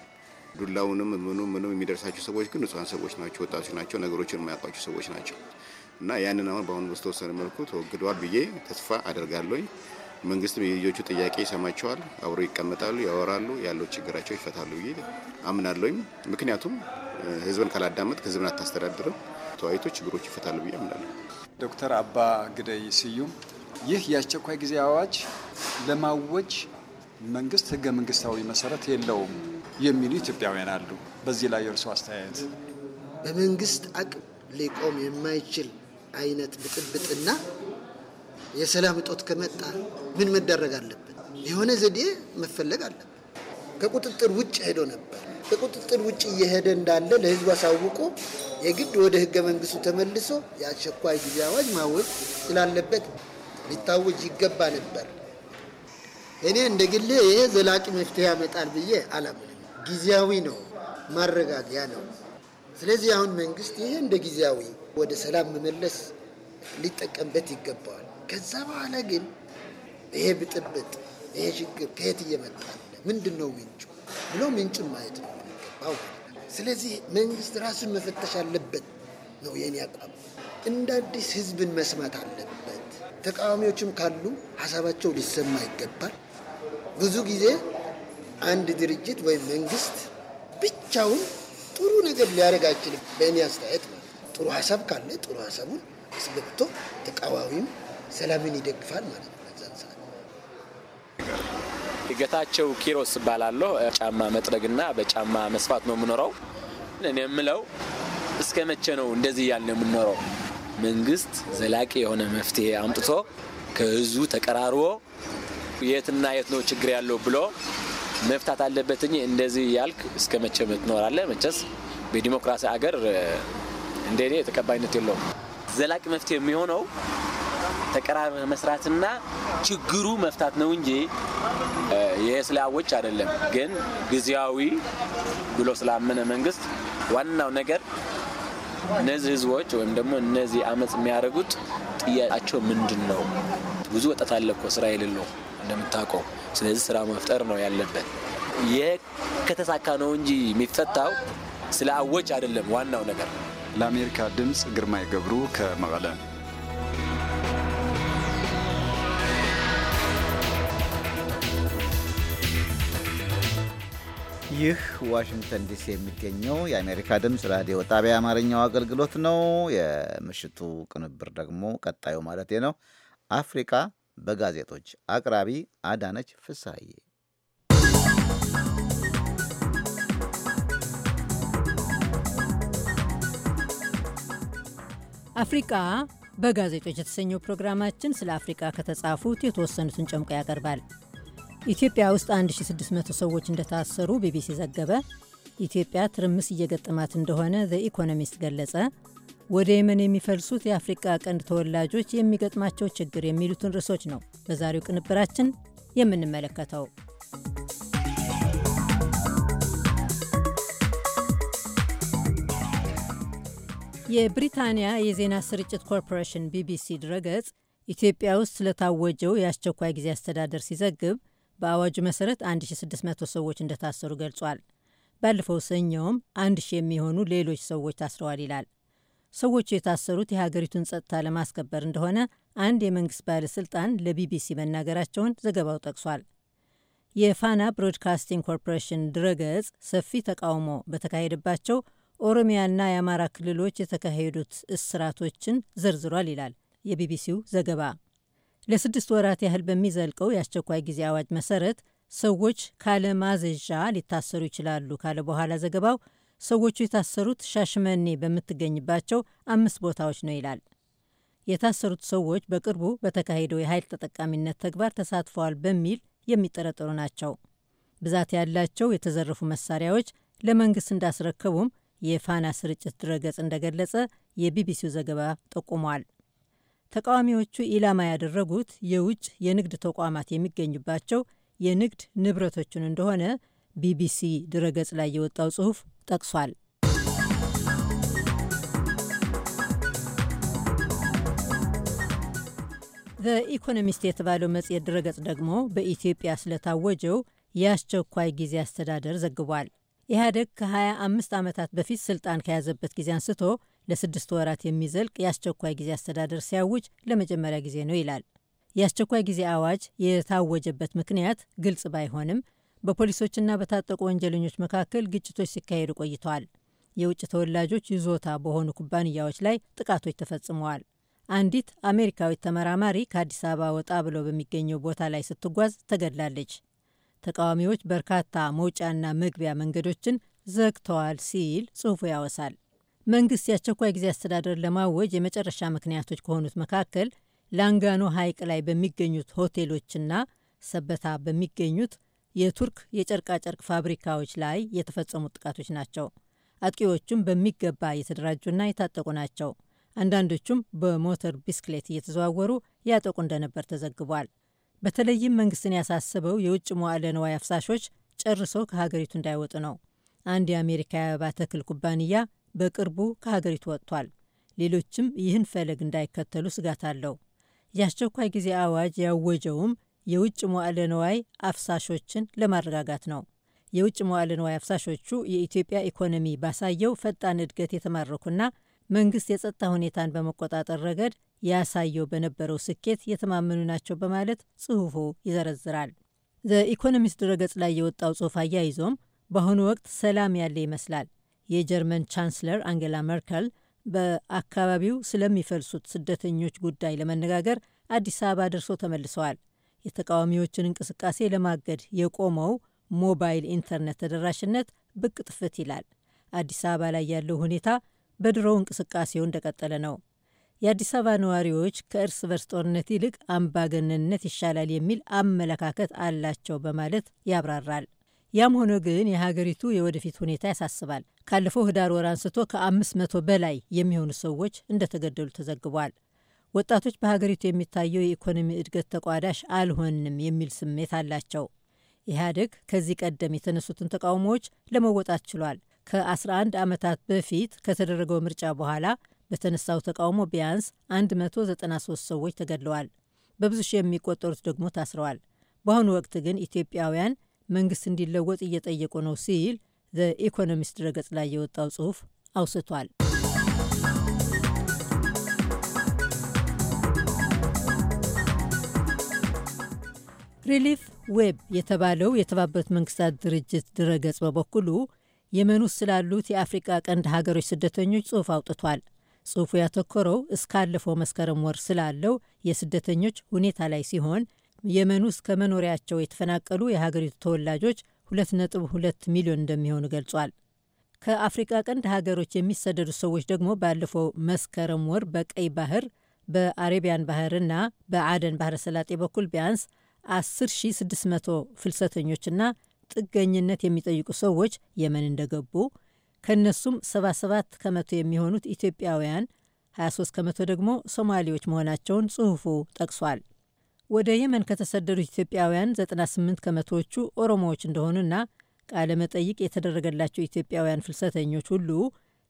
ዱላውንም ምኑ ምኑ የሚደርሳቸው ሰዎች ግን ንጹሐን ሰዎች ናቸው፣ ወጣቶች ናቸው፣ ነገሮችን የማያውቋቸው ሰዎች ናቸው። እና ያንን አሁን በአሁኑ በተወሰነ መልኩ ተወግደዋል ብዬ ተስፋ አደርጋለሁኝ። መንግስትም የልጆቹ ጥያቄ ይሰማቸዋል፣ አብሮ ይቀመጣሉ፣ ያወራሉ፣ ያለው ችግራቸው ይፈታሉ ብዬ አምናለሁኝ። ምክንያቱም ህዝብን ካላዳመጥ ህዝብን አታስተዳድርም። ተወያይቶ ችግሮች ይፈታሉ ብዬ አምናለሁ። ዶክተር አባ ግደይ ስዩም ይህ የአስቸኳይ ጊዜ አዋጅ ለማወጅ መንግስት ህገ መንግስታዊ መሰረት የለውም የሚሉ ኢትዮጵያውያን አሉ። በዚህ ላይ የእርስዎ አስተያየት? በመንግስት አቅም ሊቆም የማይችል አይነት ብጥብጥና የሰላም እጦት ከመጣ ምን መደረግ አለብን? የሆነ ዘዴ መፈለግ አለብን። ከቁጥጥር ውጭ ሄዶ ነበር። ከቁጥጥር ውጭ እየሄደ እንዳለ ለህዝቡ አሳውቆ የግድ ወደ ህገ መንግስቱ ተመልሶ የአስቸኳይ ጊዜ አዋጅ ማወጅ ስላለበት ሊታወጅ ይገባ ነበር። እኔ እንደ ግሌ ይሄ ዘላቂ መፍትሄ ያመጣል ብዬ አላምንም። ጊዜያዊ ነው፣ ማረጋጊያ ነው። ስለዚህ አሁን መንግስት ይሄ እንደ ጊዜያዊ ወደ ሰላም መመለስ ሊጠቀምበት ይገባዋል። ከዛ በኋላ ግን ይሄ ብጥብጥ፣ ይሄ ችግር ከየት እየመጣ አለ፣ ምንድን ነው ምንጩ ብሎ ምንጩን ማየት ነው የሚገባው። ስለዚህ መንግስት ራሱን መፈተሽ አለበት ነው የኔ አቋም። እንደ አዲስ ህዝብን መስማት አለበት። ተቃዋሚዎችም ካሉ ሀሳባቸው ሊሰማ ይገባል። ብዙ ጊዜ አንድ ድርጅት ወይም መንግስት ብቻውን ጥሩ ነገር ሊያደርግ አይችልም፣ በእኔ አስተያየት ነው። ጥሩ ሀሳብ ካለ ጥሩ ሀሳቡን አስገብቶ ተቃዋሚም ሰላምን ይደግፋል ማለት ነው። እገታቸው ኪሮስ እባላለሁ። ጫማ መጥረግና በጫማ መስፋት ነው የምኖረው። እኔ የምለው እስከ መቼ ነው እንደዚህ እያልን የምንኖረው? መንግስት ዘላቂ የሆነ መፍትሄ አምጥቶ ከህዝቡ ተቀራርቦ የትና የት ነው ችግር ያለው ብሎ መፍታት አለበት እንጂ እንደዚህ እያልክ እስከ መቼ ትኖራለህ? መቼስ በዲሞክራሲ አገር እንደ እኔ ተቀባይነት የለውም። ዘላቂ መፍትሄ የሚሆነው ተቀራርበህ መስራትና ችግሩ መፍታት ነው እንጂ ይሄ ስላዎች አይደለም። ግን ጊዜያዊ ብሎ ስላመነ መንግስት ዋናው ነገር እነዚህ ህዝቦች ወይም ደግሞ እነዚህ አመፅ የሚያደርጉት ጥያቄያቸው ምንድን ነው? ብዙ ወጣት አለ እኮ ስራ የሌለው እንደምታውቀው። ስለዚህ ስራ መፍጠር ነው ያለበት። ይህ ከተሳካ ነው እንጂ የሚፈታው ስለ አወጭ አይደለም ዋናው ነገር ለአሜሪካ ድምፅ ግርማይ ገብሩ ከመቀለ። ይህ ዋሽንግተን ዲሲ የሚገኘው የአሜሪካ ድምፅ ራዲዮ ጣቢያ የአማርኛው አገልግሎት ነው። የምሽቱ ቅንብር ደግሞ ቀጣዩ ማለት ነው፣ አፍሪካ በጋዜጦች አቅራቢ አዳነች ፍሳዬ። አፍሪቃ በጋዜጦች የተሰኘው ፕሮግራማችን ስለ አፍሪቃ ከተጻፉት የተወሰኑትን ጨምቆ ያቀርባል። ኢትዮጵያ ውስጥ 1600 ሰዎች እንደታሰሩ ቢቢሲ ዘገበ። ኢትዮጵያ ትርምስ እየገጠማት እንደሆነ ዘ ኢኮኖሚስት ገለጸ። ወደ የመን የሚፈልሱት የአፍሪቃ ቀንድ ተወላጆች የሚገጥማቸው ችግር የሚሉትን ርዕሶች ነው በዛሬው ቅንብራችን የምንመለከተው። የብሪታንያ የዜና ስርጭት ኮርፖሬሽን ቢቢሲ ድረገጽ ኢትዮጵያ ውስጥ ስለታወጀው የአስቸኳይ ጊዜ አስተዳደር ሲዘግብ በአዋጁ መሰረት 1600 ሰዎች እንደታሰሩ ገልጿል። ባለፈው ሰኞውም 1000 የሚሆኑ ሌሎች ሰዎች ታስረዋል ይላል። ሰዎቹ የታሰሩት የሀገሪቱን ጸጥታ ለማስከበር እንደሆነ አንድ የመንግስት ባለሥልጣን ለቢቢሲ መናገራቸውን ዘገባው ጠቅሷል። የፋና ብሮድካስቲንግ ኮርፖሬሽን ድረገጽ ሰፊ ተቃውሞ በተካሄደባቸው ኦሮሚያና የአማራ ክልሎች የተካሄዱት እስራቶችን ዘርዝሯል ይላል የቢቢሲው ዘገባ። ለስድስት ወራት ያህል በሚዘልቀው የአስቸኳይ ጊዜ አዋጅ መሰረት ሰዎች ካለ ሊታሰሩ ይችላሉ ካለ በኋላ ዘገባው ሰዎቹ የታሰሩት ሻሽመኔ በምትገኝባቸው አምስት ቦታዎች ነው ይላል። የታሰሩት ሰዎች በቅርቡ በተካሄደው የኃይል ተጠቃሚነት ተግባር ተሳትፈዋል በሚል የሚጠረጠሩ ናቸው። ብዛት ያላቸው የተዘረፉ መሳሪያዎች ለመንግስት እንዳስረከቡም የፋና ስርጭት ድረገጽ እንደገለጸ የቢቢሲው ዘገባ ጠቁሟል። ተቃዋሚዎቹ ኢላማ ያደረጉት የውጭ የንግድ ተቋማት የሚገኙባቸው የንግድ ንብረቶችን እንደሆነ ቢቢሲ ድረገጽ ላይ የወጣው ጽሑፍ ጠቅሷል። በኢኮኖሚስት የተባለው መጽሔት ድረገጽ ደግሞ በኢትዮጵያ ስለታወጀው የአስቸኳይ ጊዜ አስተዳደር ዘግቧል። ኢህአደግ ከ25 ዓመታት በፊት ስልጣን ከያዘበት ጊዜ አንስቶ ለስድስት ወራት የሚዘልቅ የአስቸኳይ ጊዜ አስተዳደር ሲያውጅ ለመጀመሪያ ጊዜ ነው ይላል። የአስቸኳይ ጊዜ አዋጅ የታወጀበት ምክንያት ግልጽ ባይሆንም በፖሊሶችና በታጠቁ ወንጀለኞች መካከል ግጭቶች ሲካሄዱ ቆይተዋል። የውጭ ተወላጆች ይዞታ በሆኑ ኩባንያዎች ላይ ጥቃቶች ተፈጽመዋል። አንዲት አሜሪካዊት ተመራማሪ ከአዲስ አበባ ወጣ ብሎ በሚገኘው ቦታ ላይ ስትጓዝ ተገድላለች። ተቃዋሚዎች በርካታ መውጫና መግቢያ መንገዶችን ዘግተዋል ሲል ጽሑፉ ያወሳል። መንግስት የአስቸኳይ ጊዜ አስተዳደር ለማወጅ የመጨረሻ ምክንያቶች ከሆኑት መካከል ላንጋኖ ሐይቅ ላይ በሚገኙት ሆቴሎችና ሰበታ በሚገኙት የቱርክ የጨርቃጨርቅ ፋብሪካዎች ላይ የተፈጸሙ ጥቃቶች ናቸው። አጥቂዎቹም በሚገባ የተደራጁና የታጠቁ ናቸው። አንዳንዶቹም በሞተር ቢስክሌት እየተዘዋወሩ ያጠቁ እንደነበር ተዘግቧል። በተለይም መንግስትን ያሳሰበው የውጭ መዋዕለ ንዋይ አፍሳሾች ጨርሶ ከሀገሪቱ እንዳይወጡ ነው። አንድ የአሜሪካ የአበባ ተክል ኩባንያ በቅርቡ ከሀገሪቱ ወጥቷል። ሌሎችም ይህን ፈለግ እንዳይከተሉ ስጋት አለው። የአስቸኳይ ጊዜ አዋጅ ያወጀውም የውጭ መዋዕለ ንዋይ አፍሳሾችን ለማረጋጋት ነው። የውጭ መዋዕለ ንዋይ አፍሳሾቹ የኢትዮጵያ ኢኮኖሚ ባሳየው ፈጣን እድገት የተማረኩና መንግስት የጸጥታ ሁኔታን በመቆጣጠር ረገድ ያሳየው በነበረው ስኬት የተማመኑ ናቸው በማለት ጽሑፉ ይዘረዝራል። ዘኢኮኖሚስት ድረገጽ ላይ የወጣው ጽሑፍ አያይዞም በአሁኑ ወቅት ሰላም ያለ ይመስላል። የጀርመን ቻንስለር አንጌላ መርከል በአካባቢው ስለሚፈልሱት ስደተኞች ጉዳይ ለመነጋገር አዲስ አበባ ደርሶ ተመልሰዋል። የተቃዋሚዎችን እንቅስቃሴ ለማገድ የቆመው ሞባይል ኢንተርኔት ተደራሽነት ብቅ ጥፍት ይላል። አዲስ አበባ ላይ ያለው ሁኔታ በድሮው እንቅስቃሴው እንደቀጠለ ነው። የአዲስ አበባ ነዋሪዎች ከእርስ በርስ ጦርነት ይልቅ አምባገነንነት ይሻላል የሚል አመለካከት አላቸው በማለት ያብራራል። ያም ሆኖ ግን የሀገሪቱ የወደፊት ሁኔታ ያሳስባል። ካለፈው ህዳር ወር አንስቶ ከአምስት መቶ በላይ የሚሆኑ ሰዎች እንደተገደሉ ተዘግቧል። ወጣቶች በሀገሪቱ የሚታየው የኢኮኖሚ እድገት ተቋዳሽ አልሆንም የሚል ስሜት አላቸው። ኢህአዴግ ከዚህ ቀደም የተነሱትን ተቃውሞዎች ለመወጣት ችሏል። ከ11 ዓመታት በፊት ከተደረገው ምርጫ በኋላ በተነሳው ተቃውሞ ቢያንስ 193 ሰዎች ተገድለዋል፣ በብዙ ሺህ የሚቆጠሩት ደግሞ ታስረዋል። በአሁኑ ወቅት ግን ኢትዮጵያውያን መንግስት እንዲለወጥ እየጠየቁ ነው ሲል ዘኢኮኖሚስት ድረገጽ ላይ የወጣው ጽሑፍ አውስቷል። ሪሊፍ ዌብ የተባለው የተባበሩት መንግስታት ድርጅት ድረገጽ በበኩሉ የመን ውስጥ ስላሉት የአፍሪቃ ቀንድ ሀገሮች ስደተኞች ጽሑፍ አውጥቷል። ጽሑፉ ያተኮረው እስካለፈው መስከረም ወር ስላለው የስደተኞች ሁኔታ ላይ ሲሆን የመን ውስጥ ከመኖሪያቸው የተፈናቀሉ የሀገሪቱ ተወላጆች 2.2 ሚሊዮን እንደሚሆኑ ገልጿል። ከአፍሪቃ ቀንድ ሀገሮች የሚሰደዱ ሰዎች ደግሞ ባለፈው መስከረም ወር በቀይ ባህር በአሬቢያን ባህርና በአደን ባህረ ሰላጤ በኩል ቢያንስ 10600 ፍልሰተኞችና ጥገኝነት የሚጠይቁ ሰዎች የመን እንደገቡ ከእነሱም 77 ከመቶ የሚሆኑት ኢትዮጵያውያን፣ 23 ከመቶ ደግሞ ሶማሌዎች መሆናቸውን ጽሑፉ ጠቅሷል። ወደ የመን ከተሰደዱት ኢትዮጵያውያን 98 ከመቶዎቹ ኦሮሞዎች እንደሆኑና ቃለ መጠይቅ የተደረገላቸው ኢትዮጵያውያን ፍልሰተኞች ሁሉ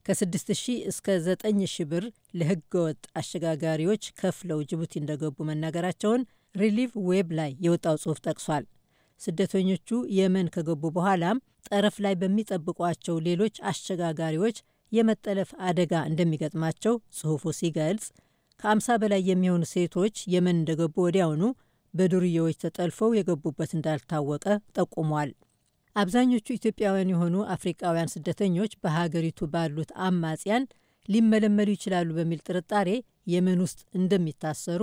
ከ6000 እስከ 9000 ብር ለህገወጥ አሸጋጋሪዎች ከፍለው ጅቡቲ እንደገቡ መናገራቸውን ሪሊቭ ዌብ ላይ የወጣው ጽሑፍ ጠቅሷል። ስደተኞቹ የመን ከገቡ በኋላም ጠረፍ ላይ በሚጠብቋቸው ሌሎች አሸጋጋሪዎች የመጠለፍ አደጋ እንደሚገጥማቸው ጽሑፉ ሲገልጽ ከ በላይ የሚሆኑ ሴቶች የመን እንደገቡ ወዲያውኑ በዱርዬዎች ተጠልፈው የገቡበት እንዳልታወቀ ጠቁሟል። አብዛኞቹ ኢትዮጵያውያን የሆኑ አፍሪቃውያን ስደተኞች በሀገሪቱ ባሉት አማጽያን ሊመለመሉ ይችላሉ በሚል ጥርጣሬ የመን ውስጥ እንደሚታሰሩ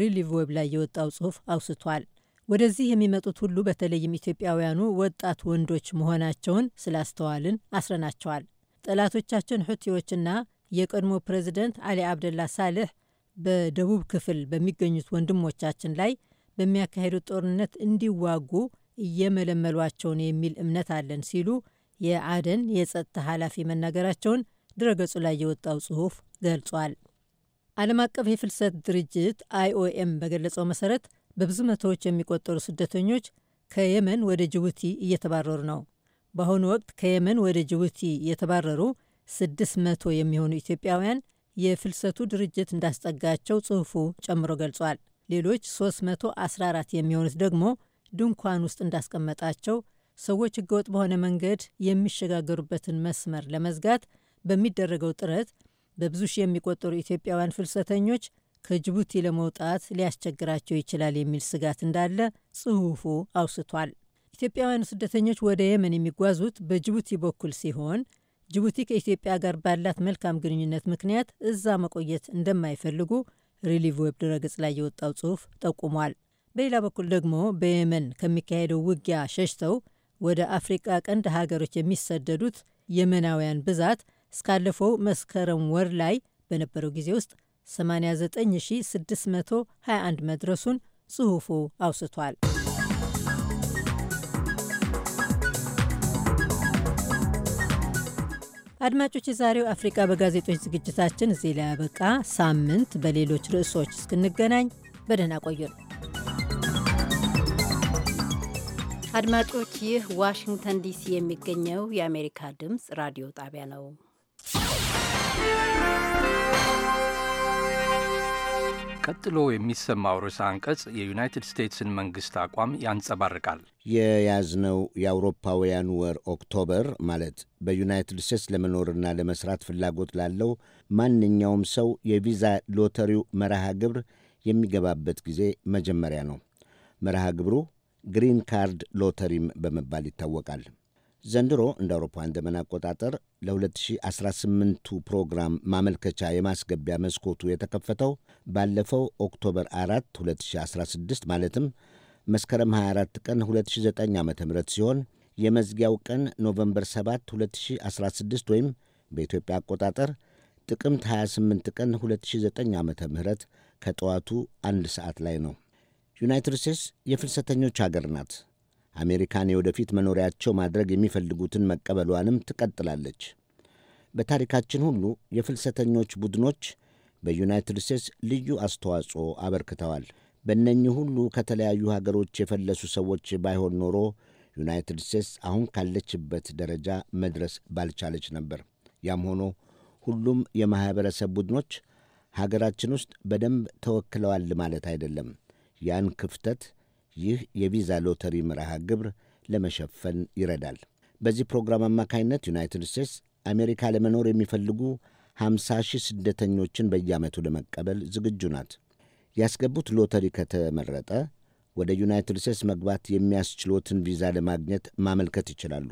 ሪሊቭ ዌብ ላይ የወጣው ጽሑፍ አውስቷል። ወደዚህ የሚመጡት ሁሉ በተለይም ኢትዮጵያውያኑ ወጣት ወንዶች መሆናቸውን ስላስተዋልን አስረናቸዋል። ጠላቶቻችን ሑቲዎችና የቀድሞ ፕሬዚደንት አሊ አብደላ ሳልሕ በደቡብ ክፍል በሚገኙት ወንድሞቻችን ላይ በሚያካሄዱት ጦርነት እንዲዋጉ እየመለመሏቸውን የሚል እምነት አለን ሲሉ የአደን የጸጥታ ኃላፊ መናገራቸውን ድረገጹ ላይ የወጣው ጽሑፍ ገልጿል። ዓለም አቀፍ የፍልሰት ድርጅት አይኦኤም በገለጸው መሰረት በብዙ መቶዎች የሚቆጠሩ ስደተኞች ከየመን ወደ ጅቡቲ እየተባረሩ ነው። በአሁኑ ወቅት ከየመን ወደ ጅቡቲ የተባረሩ 600 የሚሆኑ ኢትዮጵያውያን የፍልሰቱ ድርጅት እንዳስጠጋቸው ጽሑፉ ጨምሮ ገልጿል። ሌሎች 314 የሚሆኑት ደግሞ ድንኳን ውስጥ እንዳስቀመጣቸው ሰዎች ህገወጥ በሆነ መንገድ የሚሸጋገሩበትን መስመር ለመዝጋት በሚደረገው ጥረት በብዙ ሺህ የሚቆጠሩ ኢትዮጵያውያን ፍልሰተኞች ከጅቡቲ ለመውጣት ሊያስቸግራቸው ይችላል የሚል ስጋት እንዳለ ጽሑፉ አውስቷል። ኢትዮጵያውያኑ ስደተኞች ወደ የመን የሚጓዙት በጅቡቲ በኩል ሲሆን ጅቡቲ ከኢትዮጵያ ጋር ባላት መልካም ግንኙነት ምክንያት እዛ መቆየት እንደማይፈልጉ ሪሊቭ ዌብ ድረገጽ ላይ የወጣው ጽሑፍ ጠቁሟል። በሌላ በኩል ደግሞ በየመን ከሚካሄደው ውጊያ ሸሽተው ወደ አፍሪቃ ቀንድ ሀገሮች የሚሰደዱት የመናውያን ብዛት እስካለፈው መስከረም ወር ላይ በነበረው ጊዜ ውስጥ 89621 መድረሱን ጽሑፉ አውስቷል። አድማጮች፣ የዛሬው አፍሪቃ በጋዜጦች ዝግጅታችን እዚህ ላይ ያበቃ። ሳምንት በሌሎች ርዕሶች እስክንገናኝ በደህና ቆዩን። አድማጮች፣ ይህ ዋሽንግተን ዲሲ የሚገኘው የአሜሪካ ድምፅ ራዲዮ ጣቢያ ነው። ቀጥሎ የሚሰማው ርዕሰ አንቀጽ የዩናይትድ ስቴትስን መንግሥት አቋም ያንጸባርቃል። የያዝነው የአውሮፓውያን ወር ኦክቶበር ማለት በዩናይትድ ስቴትስ ለመኖርና ለመስራት ፍላጎት ላለው ማንኛውም ሰው የቪዛ ሎተሪው መርሃ ግብር የሚገባበት ጊዜ መጀመሪያ ነው። መርሃ ግብሩ ግሪን ካርድ ሎተሪም በመባል ይታወቃል። ዘንድሮ እንደ አውሮፓውያን ዘመን አቆጣጠር ለ2018ቱ ፕሮግራም ማመልከቻ የማስገቢያ መስኮቱ የተከፈተው ባለፈው ኦክቶበር 4 2016 ማለትም መስከረም 24 ቀን 2009 ዓ ም ሲሆን የመዝጊያው ቀን ኖቨምበር 7 2016 ወይም በኢትዮጵያ አቆጣጠር ጥቅምት 28 ቀን 2009 ዓ ም ከጠዋቱ አንድ ሰዓት ላይ ነው። ዩናይትድ ስቴትስ የፍልሰተኞች አገር ናት። አሜሪካን የወደፊት መኖሪያቸው ማድረግ የሚፈልጉትን መቀበሏንም ትቀጥላለች። በታሪካችን ሁሉ የፍልሰተኞች ቡድኖች በዩናይትድ ስቴትስ ልዩ አስተዋጽኦ አበርክተዋል። በእነኚህ ሁሉ ከተለያዩ ሀገሮች የፈለሱ ሰዎች ባይሆን ኖሮ ዩናይትድ ስቴትስ አሁን ካለችበት ደረጃ መድረስ ባልቻለች ነበር። ያም ሆኖ ሁሉም የማኅበረሰብ ቡድኖች ሀገራችን ውስጥ በደንብ ተወክለዋል ማለት አይደለም። ያን ክፍተት ይህ የቪዛ ሎተሪ መርሃ ግብር ለመሸፈን ይረዳል። በዚህ ፕሮግራም አማካኝነት ዩናይትድ ስቴትስ አሜሪካ ለመኖር የሚፈልጉ 50 ሺህ ስደተኞችን በየዓመቱ ለመቀበል ዝግጁ ናት። ያስገቡት ሎተሪ ከተመረጠ ወደ ዩናይትድ ስቴትስ መግባት የሚያስችሎትን ቪዛ ለማግኘት ማመልከት ይችላሉ።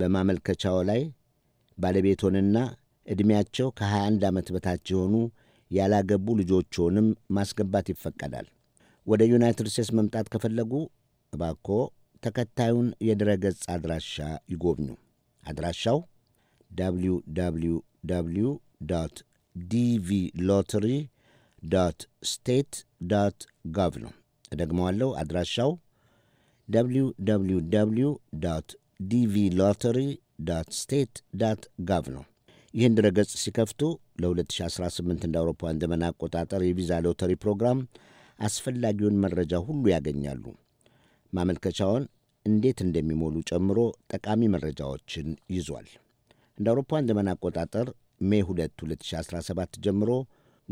በማመልከቻው ላይ ባለቤቶንና ዕድሜያቸው ከ21 ዓመት በታች የሆኑ ያላገቡ ልጆችንም ማስገባት ይፈቀዳል። ወደ ዩናይትድ ስቴትስ መምጣት ከፈለጉ እባኮ ተከታዩን የድረ ገጽ አድራሻ ይጎብኙ። አድራሻው www ዲቪ ሎተሪ ስቴት ጋቭ ነው። እደግመዋለሁ። አድራሻው www ዲቪ ሎተሪ ስቴት ጋቭ ነው። ይህን ድረ ገጽ ሲከፍቱ ለ2018 እንደ አውሮፓውያን ዘመን አቆጣጠር የቪዛ ሎተሪ ፕሮግራም አስፈላጊውን መረጃ ሁሉ ያገኛሉ። ማመልከቻውን እንዴት እንደሚሞሉ ጨምሮ ጠቃሚ መረጃዎችን ይዟል። እንደ አውሮፓውያን ዘመን አቆጣጠር ሜ 2 2017 ጀምሮ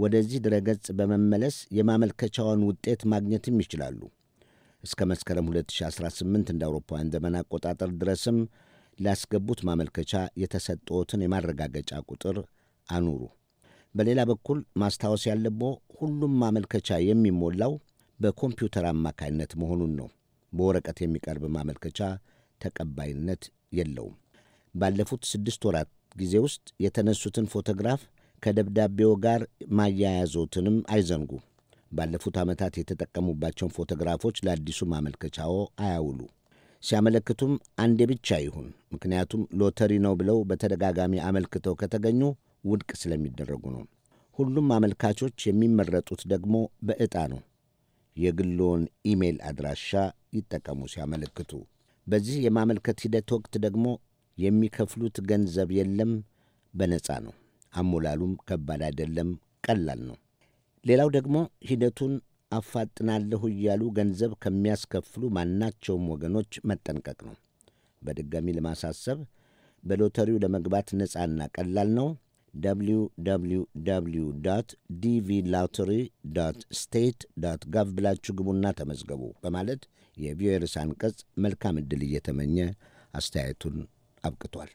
ወደዚህ ድረገጽ በመመለስ የማመልከቻውን ውጤት ማግኘትም ይችላሉ። እስከ መስከረም 2018 እንደ አውሮፓውያን ዘመን አቆጣጠር ድረስም ላስገቡት ማመልከቻ የተሰጠዎትን የማረጋገጫ ቁጥር አኑሩ። በሌላ በኩል ማስታወስ ያለብዎ ሁሉም ማመልከቻ የሚሞላው በኮምፒውተር አማካይነት መሆኑን ነው። በወረቀት የሚቀርብ ማመልከቻ ተቀባይነት የለውም። ባለፉት ስድስት ወራት ጊዜ ውስጥ የተነሱትን ፎቶግራፍ ከደብዳቤው ጋር ማያያዞትንም አይዘንጉ። ባለፉት ዓመታት የተጠቀሙባቸውን ፎቶግራፎች ለአዲሱ ማመልከቻዎ አያውሉ። ሲያመለክቱም አንዴ ብቻ ይሁን። ምክንያቱም ሎተሪ ነው ብለው በተደጋጋሚ አመልክተው ከተገኙ ውድቅ ስለሚደረጉ ነው። ሁሉም አመልካቾች የሚመረጡት ደግሞ በዕጣ ነው። የግሎን ኢሜይል አድራሻ ይጠቀሙ ሲያመለክቱ። በዚህ የማመልከት ሂደት ወቅት ደግሞ የሚከፍሉት ገንዘብ የለም፣ በነፃ ነው። አሞላሉም ከባድ አይደለም፣ ቀላል ነው። ሌላው ደግሞ ሂደቱን አፋጥናለሁ እያሉ ገንዘብ ከሚያስከፍሉ ማናቸውም ወገኖች መጠንቀቅ ነው። በድጋሚ ለማሳሰብ በሎተሪው ለመግባት ነፃና ቀላል ነው። www ዲቪ ላውተሪ ስቴት ጋቭ ብላችሁ ግቡና ተመዝገቡ በማለት የቪኦኤ ርዕሰ አንቀጽ መልካም ዕድል እየተመኘ አስተያየቱን አብቅቷል።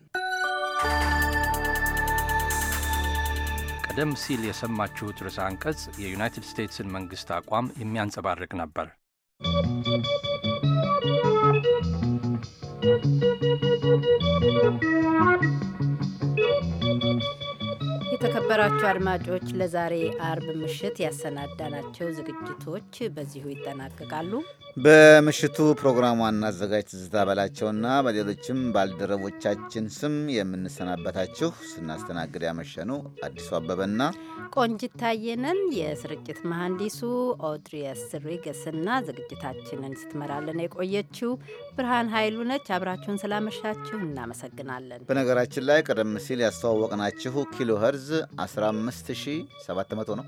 ቀደም ሲል የሰማችሁት ርዕሰ አንቀጽ የዩናይትድ ስቴትስን መንግሥት አቋም የሚያንጸባርቅ ነበር። የተከበራችሁ አድማጮች ለዛሬ አርብ ምሽት ያሰናዳናቸው ዝግጅቶች በዚሁ ይጠናቀቃሉ። በምሽቱ ዋና አዘጋጅ ትዝታ በላቸውና በሌሎችም ባልደረቦቻችን ስም የምንሰናበታችሁ ስናስተናግድ ያመሸኑ አዲሱ አበበና ቆንጂት ታየነን፣ የስርጭት መሐንዲሱ ኦድሪያስ ሪገስና ዝግጅታችንን ስትመራለን የቆየችው ብርሃን ኃይሉ ነች። አብራችሁን ስላመሻችሁ እናመሰግናለን። በነገራችን ላይ ቀደም ሲል ያስተዋወቅናችሁ ኪሎ ኸርዝ 15700 ነው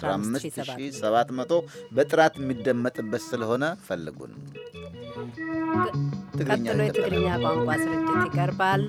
15700 በጥራት የሚደመጥበት ስለሆነ ፈልጉን። ቀጥሎ የትግርኛ ቋንቋ ስርጭት ይቀርባል።